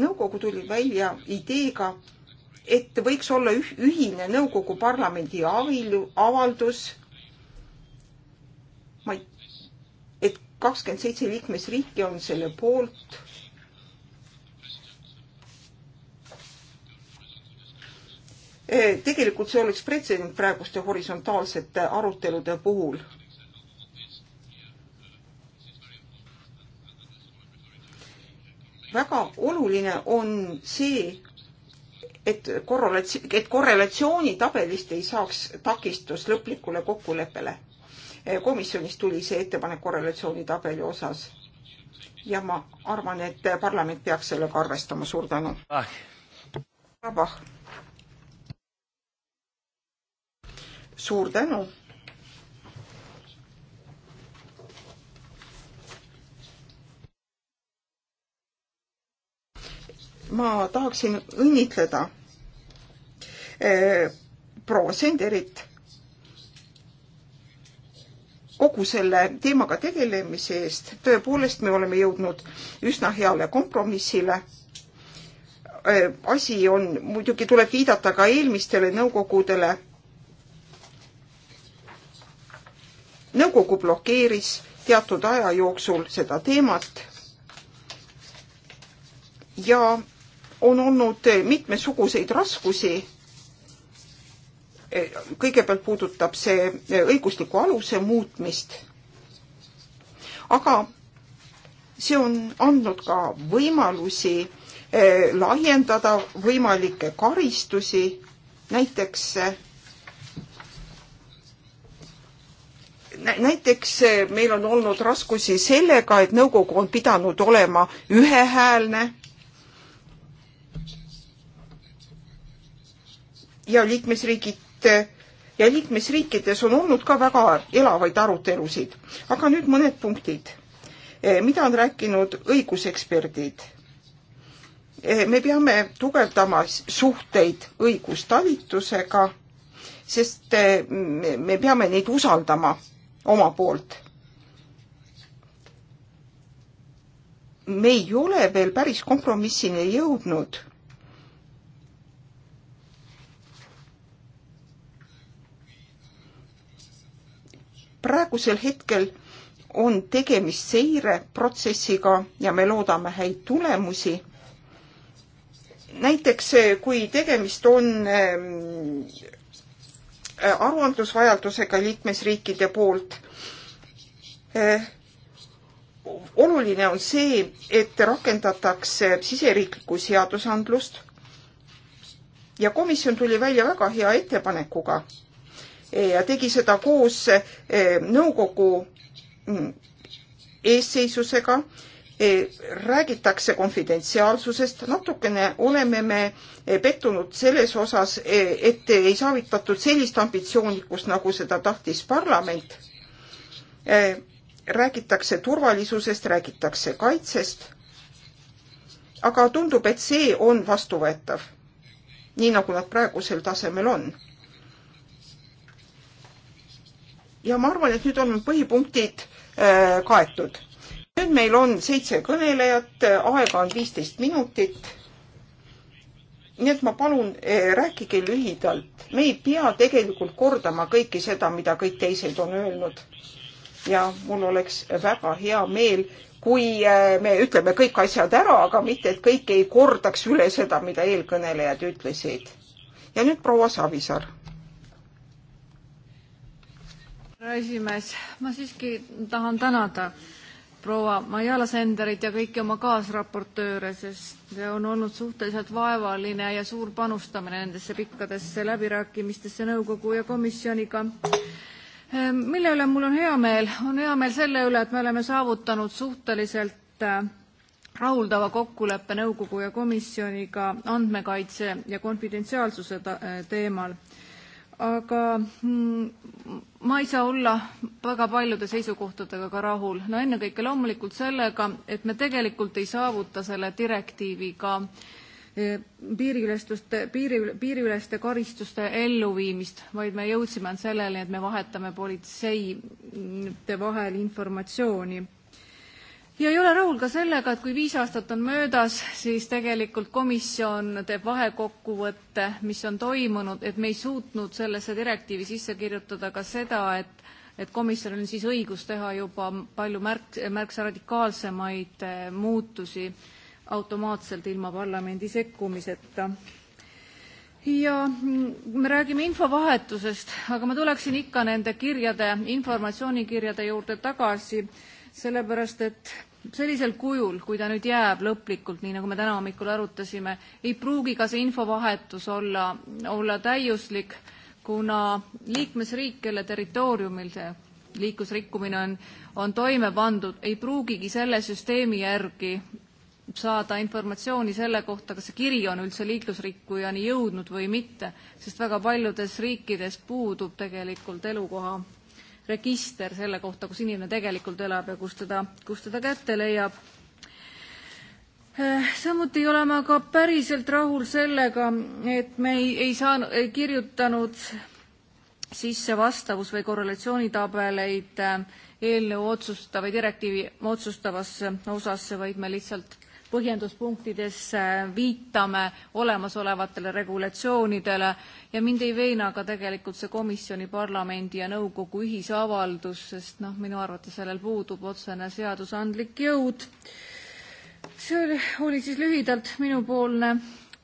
nõukogu tuli välja ideega, et võiks olla ühine nõukogu parlamendi avaldus, ma ei, et kakskümmend seitse liikmesriiki on selle poolt. Äh, tegelikult see oleks pretsedent praeguste horisontaalsete arutelude puhul väga oluline on see, et korrelatsi-, et korrelatsioonitabelist ei saaks takistus lõplikule kokkuleppele. komisjonis tuli see ettepanek korrelatsioonitabeli osas. ja ma arvan, et parlament peaks sellega arvestama, suur tänu ah.. suur tänu ma tahaksin õnnitleda eh, proua Senderit kogu selle teemaga tegelemise eest. tõepoolest, me oleme jõudnud üsna heale kompromissile. Eh, asi on, muidugi tuleb viidata ka eelmistele nõukogudele. nõukogu blokeeris teatud aja jooksul seda teemat ja on olnud mitmesuguseid raskusi. kõigepealt puudutab see õigusliku aluse muutmist. aga see on andnud ka võimalusi eh, laiendada võimalikke karistusi, näiteks näiteks eh, meil on olnud raskusi sellega, et nõukogu on pidanud olema ühehäälne ja liikmesriigid ja liikmesriikides on olnud ka väga elavaid arutelusid. aga nüüd mõned punktid, eh, mida on rääkinud õiguseksperdid. Eh, me peame tugevdama suhteid õigustalitusega, sest eh, me peame neid usaldama oma poolt. me ei ole veel päris kompromissini jõudnud praegusel hetkel on tegemist seireprotsessiga ja me loodame häid tulemusi. näiteks eh, kui tegemist on ehm, eh, aruandlusvajadusega liikmesriikide poolt, eh, oluline on see, et rakendatakse siseriiklikku seadusandlust ja komisjon tuli välja väga hea ettepanekuga Eh, ja tegi seda koos eh, nõukogu mm, eesseisusega. Eh, räägitakse konfidentsiaalsusest, natukene oleme me pettunud selles osas, et ei saavutatud sellist ambitsioonikust, nagu seda tahtis parlament. räägitakse turvalisusest, räägitakse kaitsest. aga tundub, et see on vastuvõetav, nii nagu nad praegusel tasemel on ja ma arvan, et nüüd on põhipunktid äh, kaetud. nüüd meil on seitse kõnelejat, äh, aega on viisteist minutit. nii et ma palun, äh, rääkige lühidalt, me ei pea tegelikult kordama kõike seda, mida kõik teised on öelnud. ja mul oleks väga hea meel, kui me ütleme kõik asjad ära, aga mitte, et kõik ei kordaks üle seda, mida eelkõnelejad ütlesid. ja nüüd proua Savisaar härra esimees, ma siiski tahan tänada proua Maiala Senderit ja kõiki oma kaasraportööre, sest see on olnud suhteliselt vaevaline ja suur panustamine nendesse pikkadesse läbirääkimistesse nõukogu ja komisjoniga. Ehm, mille üle mul on hea meel, on hea meel selle üle, et me oleme saavutanud suhteliselt äh, rahuldava kokkuleppe nõukogu ja komisjoniga andmekaitse ja konfidentsiaalsuse teemal aga hmm, ma ei saa olla väga paljude seisukohtadega ka rahul. no ennekõike loomulikult sellega, et me tegelikult ei saavuta selle direktiiviga e, piiriülestuste, piiri, piiriüleste karistuste elluviimist, vaid me jõudsime ainult selleni, et me vahetame politseide vahel informatsiooni ja ei ole rahul ka sellega, et kui viis aastat on möödas, siis tegelikult komisjon teeb vahekokkuvõtte, mis on toimunud, et me ei suutnud sellesse direktiivi sisse kirjutada ka seda, et et komisjonil on siis õigus teha juba palju märk, märksa radikaalsemaid eh, muutusi automaatselt ilma parlamendi sekkumiseta ja me räägime infovahetusest, aga ma tuleksin ikka nende kirjade, informatsioonikirjade juurde tagasi, sellepärast et sellisel kujul, kui ta nüüd jääb lõplikult, nii nagu me täna hommikul arutasime, ei pruugi ka see infovahetus olla, olla täiuslik, kuna liikmesriik, kelle territooriumil see liiklusrikkumine on, on toime pandud, ei pruugigi selle süsteemi järgi saada informatsiooni selle kohta, kas see kiri on üldse liiklusrikkujani jõudnud või mitte, sest väga paljudes riikides puudub tegelikult elukoha register selle kohta, kus inimene tegelikult elab ja kus teda, kus teda kätte leiab eh, samuti ei ole ma ka päriselt rahul sellega, et me ei, ei saanud, ei kirjutanud sisse vastavus- või korrelatsioonitabeleid eh, eelnõu otsusta- või direktiivi otsustavasse osasse, vaid me lihtsalt põhjenduspunktides viitame olemasolevatele regulatsioonidele ja mind ei veena ka tegelikult see komisjoni, parlamendi ja nõukogu ühisavaldus, sest noh, minu arvates sellel puudub otsene seadusandlik jõud. see oli, oli siis lühidalt minupoolne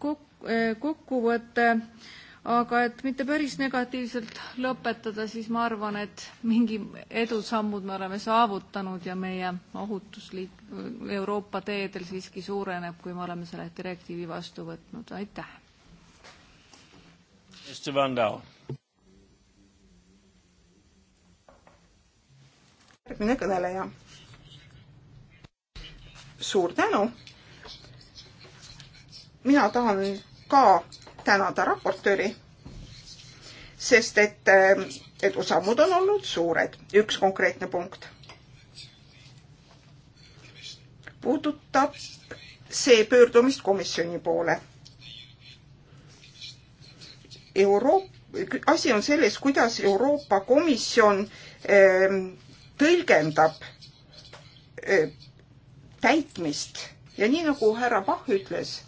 kok-, eh, kokkuvõte kok aga et mitte päris negatiivselt lõpetada, siis ma arvan, et mingi edusammud me oleme saavutanud ja meie ohutus liik-, Euroopa teedel siiski suureneb, kui me oleme selle direktiivi vastu võtnud, aitäh. Mr Van Dal. järgmine kõneleja. suur tänu. mina tahan ka tänada raportööri, sest et eh, edusammud on olnud suured. üks konkreetne punkt puudutab see pöördumist komisjoni poole. Euroop-, asi on selles, kuidas Euroopa Komisjon ehm, tõlgendab eh, täitmist ja nii nagu härra Pahv ütles,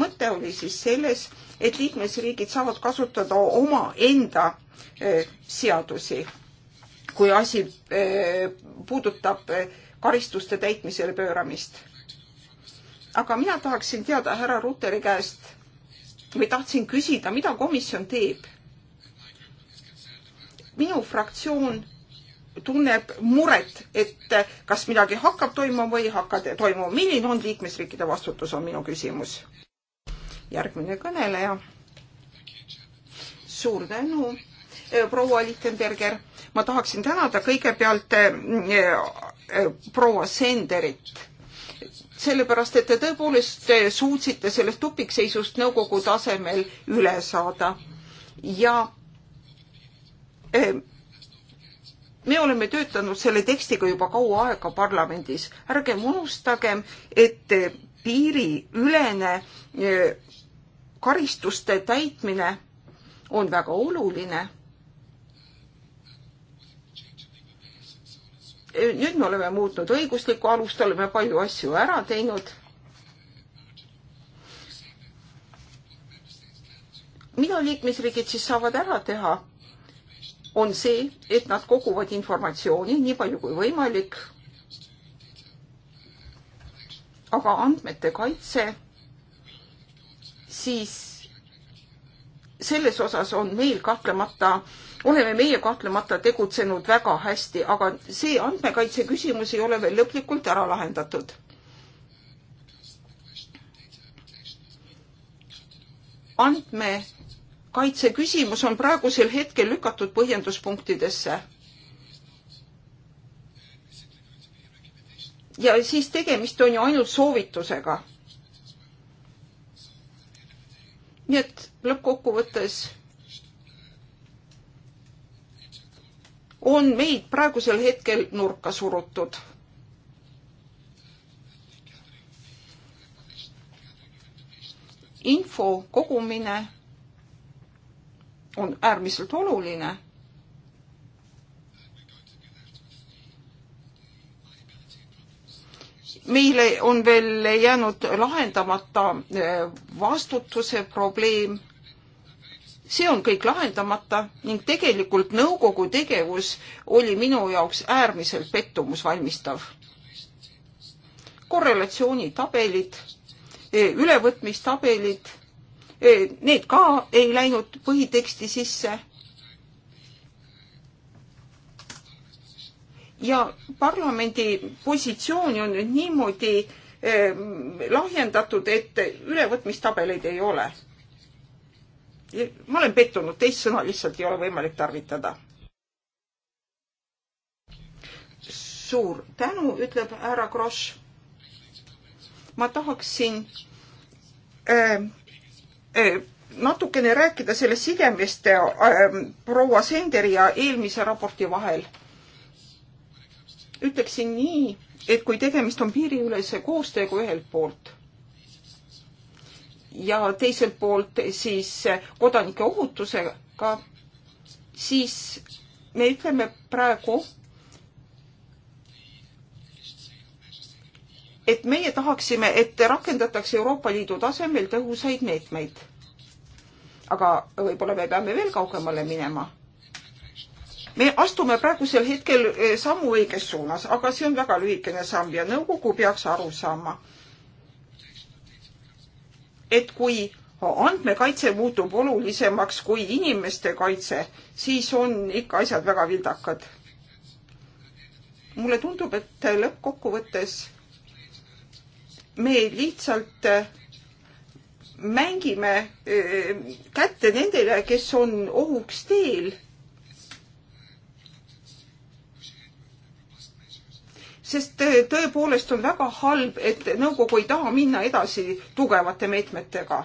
mõte oli siis selles, et liikmesriigid saavad kasutada omaenda eh, seadusi, kui asi eh, puudutab eh, karistuste täitmisele pööramist. aga mina tahaksin teada härra Ruteri käest või tahtsin küsida, mida komisjon teeb? minu fraktsioon tunneb muret, et kas midagi hakkab toimuma või ei hakka toimuma. milline on liikmesriikide vastutus, on minu küsimus järgmine kõneleja. suur tänu, eh, proua Lichtenberger. ma tahaksin tänada kõigepealt eh, eh, proua Senderit sellepärast, et te tõepoolest suutsite sellest tupikseisust nõukogu tasemel üle saada. ja me oleme töötanud selle tekstiga juba kaua aega parlamendis. ärgem unustagem, et piiriülene karistuste täitmine on väga oluline. nüüd me oleme muutnud õiguslikku alust, oleme palju asju ära teinud. mida liikmesriigid siis saavad ära teha? on see, et nad koguvad informatsiooni nii palju kui võimalik. aga andmete kaitse siis selles osas on meil kahtlemata, oleme meie kahtlemata tegutsenud väga hästi, aga see andmekaitse küsimus ei ole veel lõplikult ära lahendatud. andmekaitse küsimus on praegusel hetkel lükatud põhjenduspunktidesse ja siis tegemist on ju ainult soovitusega. nii et lõppkokkuvõttes on meid praegusel hetkel nurka surutud. info kogumine on äärmiselt oluline meile on veel jäänud lahendamata eh, vastutuse probleem. see on kõik lahendamata ning tegelikult nõukogu tegevus oli minu jaoks äärmiselt pettumusvalmistav. korrelatsioonitabelid, eh, ülevõtmistabelid, eh, need ka ei läinud põhiteksti sisse ja parlamendi positsiooni on nüüd niimoodi eh, lahjendatud, et ülevõtmistabeleid ei ole. ma olen pettunud, teist sõna lihtsalt ei ole võimalik tarvitada. suur tänu, ütleb härra Kross. ma tahaksin eh, eh, natukene rääkida sellest sidemest proua Senderi ja eelmise raporti vahel ütleksin nii, et kui tegemist on piiriülese koostööga ühelt poolt ja teiselt poolt siis kodanike ohutusega, siis me ütleme praegu, et meie tahaksime, et rakendatakse Euroopa Liidu tasemel tõhusaid meetmeid. aga võib-olla me peame veel kaugemale minema me astume praegusel hetkel eh, sammu õiges suunas, aga see on väga lühikene samm ja nõukogu peaks aru saama, et kui andmekaitse muutub olulisemaks kui inimeste kaitse, siis on ikka asjad väga vildakad. mulle tundub, et lõppkokkuvõttes me lihtsalt eh, mängime eh, kätte nendele, kes on ohuks teel sest tõepoolest on väga halb, et nõukogu ei taha minna edasi tugevate meetmetega.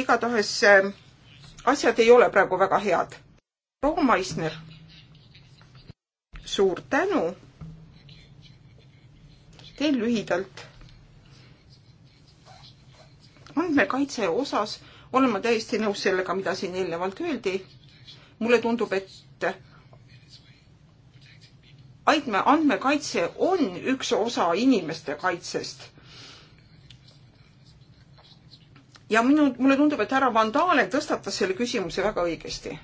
igatahes äh, asjad ei ole praegu väga head. proua Maisner, suur tänu. teen lühidalt andmekaitse osas olen ma täiesti nõus sellega, mida siin eelnevalt öeldi. mulle tundub, et andme, andmekaitse on üks osa inimeste kaitsest. ja minu, mulle tundub, et härra Vandale tõstatas selle küsimuse väga õigesti.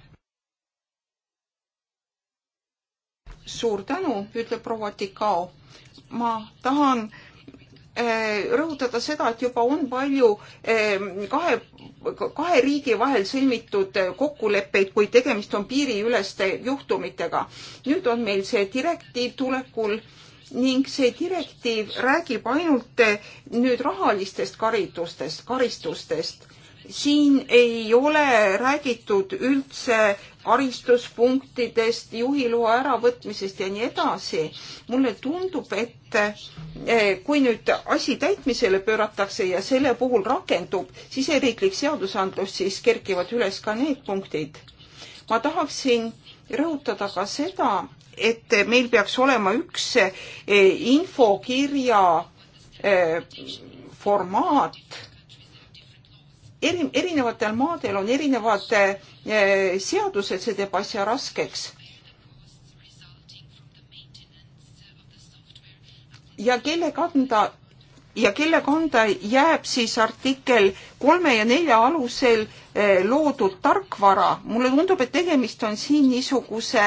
suur tänu, ütleb proua Tikao. ma tahan Äh, rõhutada seda, et juba on palju ähm, kahe, kahe riigi vahel sõlmitud äh, kokkuleppeid, kui tegemist on piiriüleste juhtumitega. nüüd on meil see direktiiv tulekul ning see direktiiv räägib ainult äh, nüüd rahalistest karidustest, karistustest siin ei ole räägitud üldse karistuspunktidest, juhiloa äravõtmisest ja nii edasi. mulle tundub, et eh, kui nüüd asi täitmisele pööratakse ja selle puhul rakendub siseriiklik seadusandlus, siis kerkivad üles ka need punktid. ma tahaksin rõhutada ka seda, et meil peaks olema üks eh, infokirja eh, formaat eri, erinevatel maadel on erinevad eh, seadused, see teeb asja raskeks. ja kelle kanda ja kelle kanda jääb siis artikkel kolme ja nelja alusel Eh, loodud tarkvara. mulle tundub, et tegemist on siin niisuguse,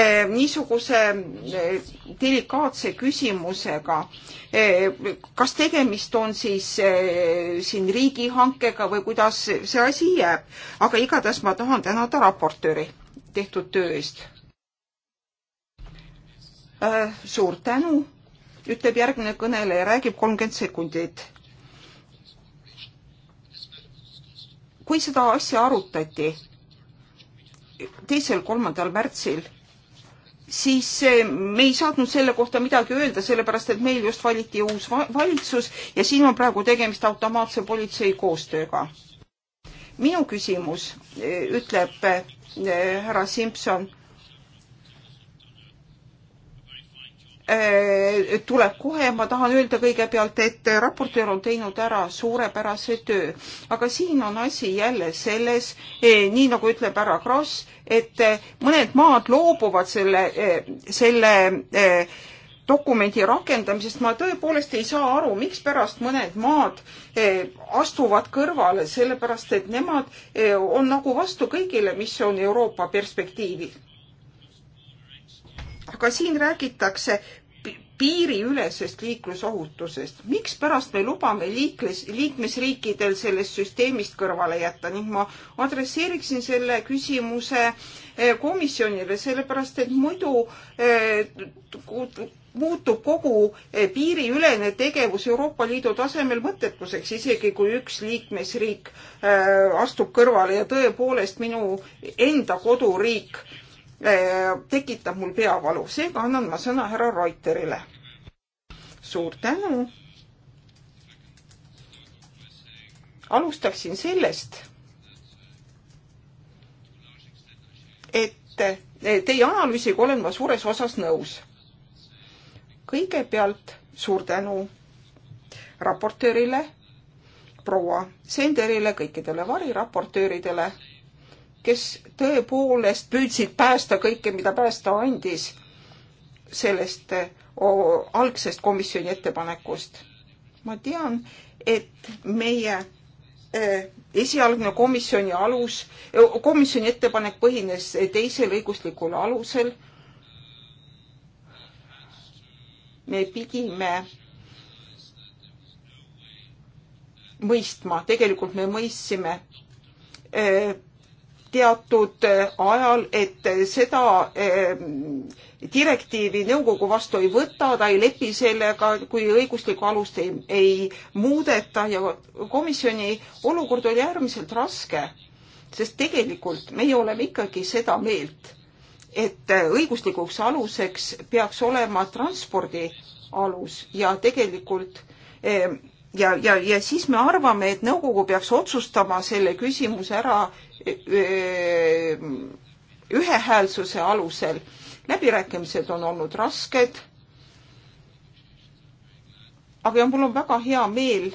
eh, niisuguse eh, delikaatse küsimusega. kas tegemist on siis siin riigihankega või kuidas see asi jääb? aga igatahes ma tahan tänada raportööri tehtud töö eest. suur tänu, ütleb järgmine kõneleja, räägib kolmkümmend sekundit kui seda asja arutati teisel-kolmandal märtsil, siis eh, me ei saatnud selle kohta midagi öelda, sellepärast et meil just valiti uus valitsus ja siin on praegu tegemist automaatse politsei koostööga. minu küsimus, eh, ütleb eh, härra Simson, Äh, tuleb kohe, ma tahan öelda kõigepealt, et raportöör on teinud ära suurepärase töö. aga siin on asi jälle selles, eh, nii nagu ütleb härra Kross, et eh, mõned maad loobuvad selle, eh, selle dokumendi rakendamisest ma tõepoolest ei saa aru, mikspärast mõned maad astuvad kõrvale, sellepärast et nemad on nagu vastu kõigile, mis on Euroopa perspektiivil. aga siin räägitakse piiriülesest liiklusohutusest. mikspärast me lubame liikles, liikmesriikidel sellest süsteemist kõrvale jätta ning ma adresseeriksin selle küsimuse eh, komisjonile, sellepärast et muidu eh, muutub kogu eh, piiriülene tegevus Euroopa Liidu tasemel mõttetuseks, isegi kui üks liikmesriik astub kõrvale ja tõepoolest minu enda koduriik Äh, tekitab mul peavalu, seega annan ma sõna härra Reuterile. suur tänu. alustaksin sellest, et äh, teie analüüsiga olen ma suures osas nõus. kõigepealt suur tänu raportöörile, proua Senderile, kõikidele variraportööridele kes tõepoolest püüdsid päästa kõike, mida päästa andis sellest eh, algsest komisjoni ettepanekust. ma tean, et meie eh, esialgne komisjoni alus, eh, komisjoni ettepanek põhines teisel õiguslikul alusel. me pidime mõistma, tegelikult me mõistsime teatud äh, ajal, et äh, seda ähm, direktiivi nõukogu vastu ei võta, ta ei lepi sellega, kui õiguslikku alust ei, ei muudeta ja komisjoni olukord oli äärmiselt raske, sest tegelikult meie oleme ikkagi seda meelt, et äh, õiguslikuks aluseks peaks olema transpordi alus ja tegelikult ähm, ja, ja, ja siis me arvame, et nõukogu peaks otsustama selle küsimuse ära e, e, ühehäälsuse alusel. läbirääkimised on olnud rasked. aga mul on väga hea meel,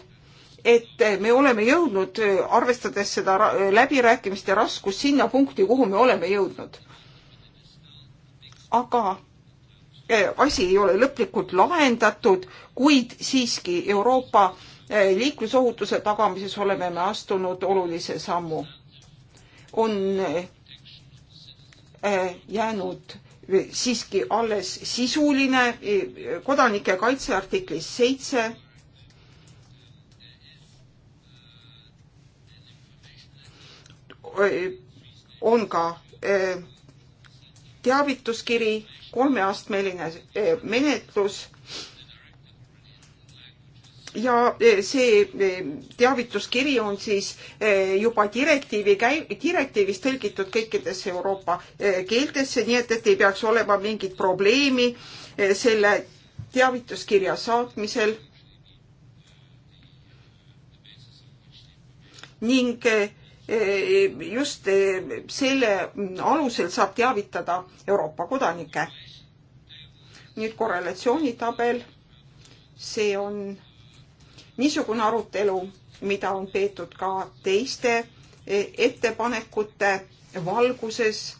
et me oleme jõudnud, arvestades seda läbirääkimiste raskust, sinna punkti, kuhu me oleme jõudnud. aga e, asi ei ole lõplikult lahendatud, kuid siiski Euroopa Äh, liiklusohutuse tagamises oleme me astunud olulise sammu. on äh, jäänud siiski alles sisuline äh, kodanike kaitse artiklis seitse on ka teavituskiri, kolmeastmeline menetlus ja e, see e, teavituskiri on siis e, juba direktiivi käi-, direktiivis tõlgitud kõikidesse Euroopa keeltesse, nii et, et ei peaks olema mingit probleemi selle teavituskirja saatmisel. ning just selle alusel saab teavitada Euroopa kodanikke. nüüd korrelatsioonitabel, see on niisugune arutelu, mida on peetud ka teiste e, ettepanekute valguses.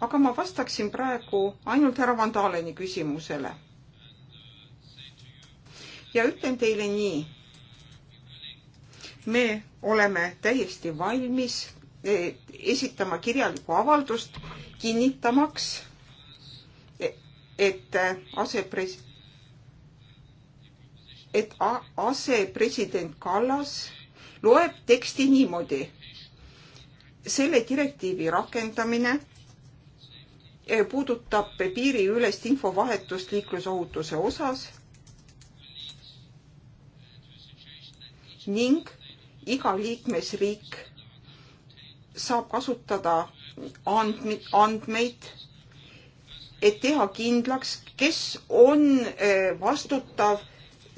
aga ma vastaksin praegu ainult härra Vandaleni küsimusele. ja ütlen teile nii. me oleme täiesti valmis e, esitama kirjalikku avaldust kinnitamaks et äh, asepres-, et asepresident Kallas loeb teksti niimoodi. selle direktiivi rakendamine äh, puudutab piiriülest infovahetust liiklusohutuse osas ning iga liikmesriik saab kasutada andmi, andmeid et teha kindlaks, kes on äh, vastutav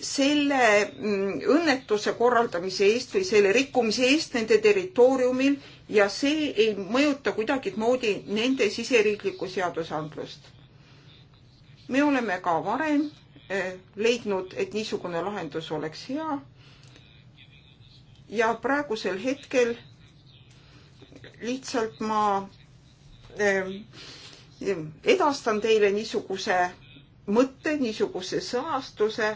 selle mm, õnnetuse korraldamise eest või selle rikkumise eest nende territooriumil ja see ei mõjuta kuidagimoodi nende siseriiklikku seadusandlust. me oleme ka varem äh, leidnud, et niisugune lahendus oleks hea. ja praegusel hetkel lihtsalt ma äh, edastan teile niisuguse mõtte, niisuguse sõnastuse,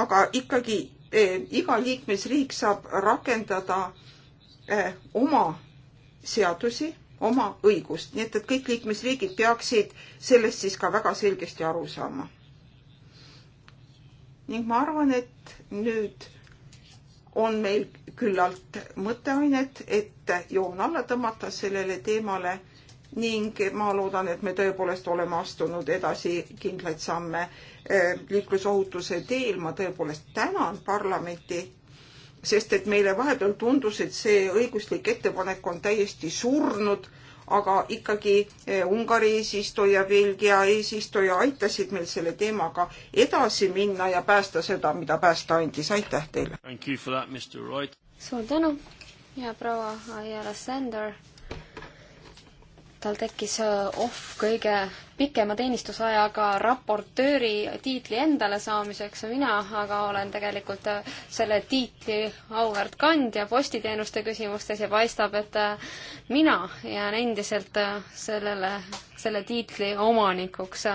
aga ikkagi eh, iga liikmesriik saab rakendada eh, oma seadusi, oma õigust, nii et, et kõik liikmesriigid peaksid sellest siis ka väga selgesti aru saama. ning ma arvan, et nüüd on meil küllalt mõtteainet, et joon alla tõmmata sellele teemale ning ma loodan, et me tõepoolest oleme astunud edasi kindlaid samme eh, liiklusohutuse teel. ma tõepoolest tänan parlamenti, sest et meile vahepeal tundus, et see õiguslik ettepanek on täiesti surnud, aga ikkagi eh, Ungari eesistuja, Belgia eesistuja aitasid meil selle teemaga edasi minna ja päästa seda, mida päästa andis. aitäh teile! suur tänu ja proua Ayala Sander! tal tekkis äh, ohv kõige pikema teenistusajaga raportööri tiitli endale saamiseks, mina aga olen tegelikult äh, selle tiitli auväärt kandja postiteenuste küsimustes ja paistab, et äh, mina jään endiselt sellele, selle tiitli omanikuks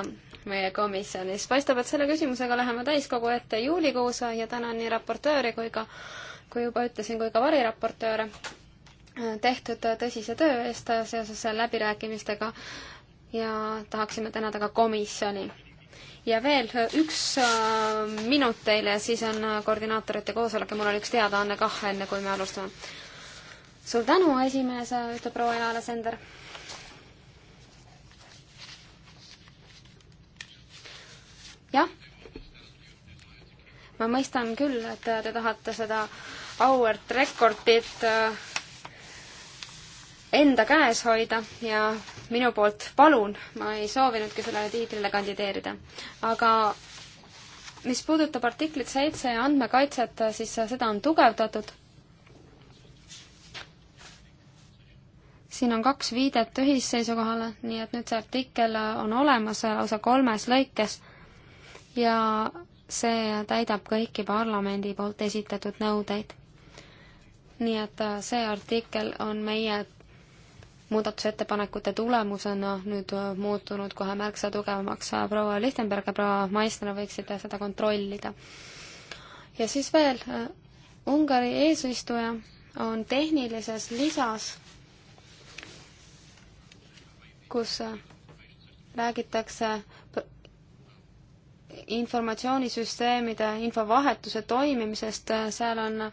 meie komisjonis. paistab, et selle küsimusega läheme täiskogu ette juulikuus ja tänan nii raportööri kui ka, kui juba ütlesin, kui ka variraportööre tehtud tõsise töö eest seoses läbirääkimistega ja tahaksime tänada ka komisjoni. ja veel üks äh, minut teile, siis on koordinaatorite koosolek ja mul on üks teadaanne kah, enne kui me alustame. suur tänu, esimees, ütleb proua Jaala Sender. jah, ma mõistan küll, et te tahate seda auväärt rekordit äh, enda käes hoida ja minu poolt palun, ma ei soovinudki sellele tiitrile kandideerida. aga mis puudutab artiklit seitse ja andmekaitset, siis seda on tugevdatud. siin on kaks viidet ühisseisukohale, nii et nüüd see artikkel on olemas lausa kolmes lõikes ja see täidab kõiki parlamendi poolt esitatud nõudeid nii et see artikkel on meie muudatusettepanekute tulemusena nüüd äh, muutunud kohe märksa tugevamaks. Äh, proua Lichtenberg ja proua Maisner võiksid äh, seda kontrollida. ja siis veel, Ungari eesistuja on tehnilises lisas, kus räägitakse informatsioonisüsteemide infovahetuse toimimisest, seal on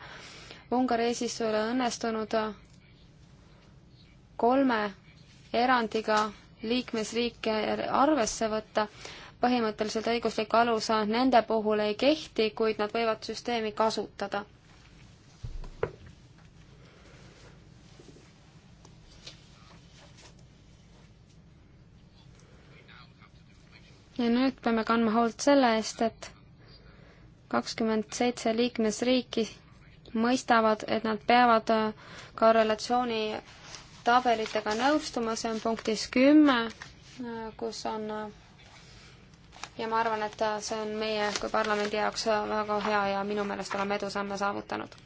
Ungari eesistujale õnnestunud kolme erandiga liikmesriike arvesse võtta. põhimõtteliselt õiguslik alus nende puhul ei kehti, kuid nad võivad süsteemi kasutada. ja nüüd peame kandma hoolt selle eest, et kakskümmend seitse liikmesriiki mõistavad, et nad peavad korrelatsiooni tabelitega nõustuma, see on punktis kümme, kus on ja ma arvan, et see on meie kui parlamendi jaoks väga hea ja minu meelest oleme edusamme saavutanud.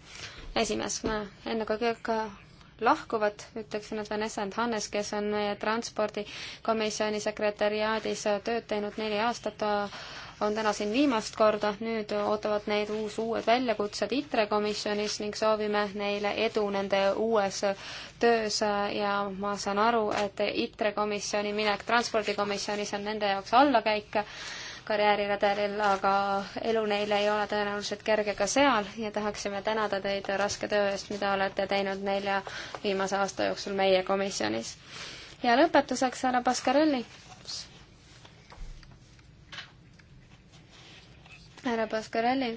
esimees, enne kui kõik lahkuvad, ütleksin, et Vanessa and Hannes, kes on meie transpordikomisjoni sekretäriaadis tööd teinud neli aastat, on täna siin viimast korda, nüüd ootavad neid uus, uued väljakutsed ITRE komisjonis ning soovime neile edu nende uues töös ja ma saan aru, et ITRE komisjoni minek transpordikomisjonis on nende jaoks allakäik karjääriredelil, aga elu neil ei ole tõenäoliselt kerge ka seal ja tahaksime tänada teid raske töö eest, mida olete teinud nelja viimase aasta jooksul meie komisjonis. ja lõpetuseks, härra Pascarelli härra Pascarelli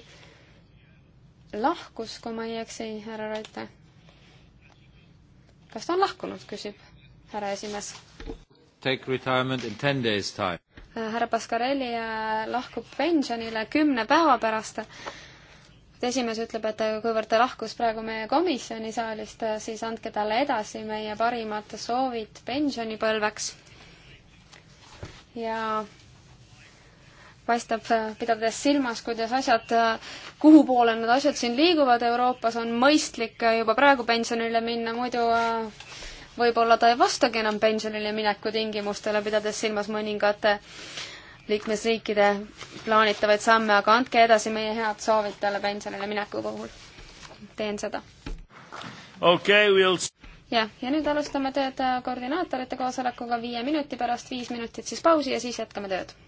lahkus, kui ma ei eksi, härra Ralte. kas ta on lahkunud, küsib härra esimees. Take retirement in ten days time. härra Pascarelli äh, lahkub pensionile kümne päeva pärast. esimees ütleb, et äh, kuivõrd ta lahkus praegu meie komisjoni saalist, äh, siis andke talle edasi meie parimad soovid pensionipõlveks. ja paistab, äh, pidades silmas, kuidas asjad, äh, kuhu poole need asjad siin liiguvad Euroopas, on mõistlik äh, juba praegu pensionile minna, muidu võib-olla ta ei vastagi enam pensionile mineku tingimustele, pidades silmas mõningate liikmesriikide plaanitavaid samme, aga andke edasi meie head soovid talle pensionile mineku puhul. teen seda. okei okay,, we'll jah, ja nüüd alustame tööd koordinaatorite koosolekuga viie minuti pärast, viis minutit siis pausi ja siis jätkame tööd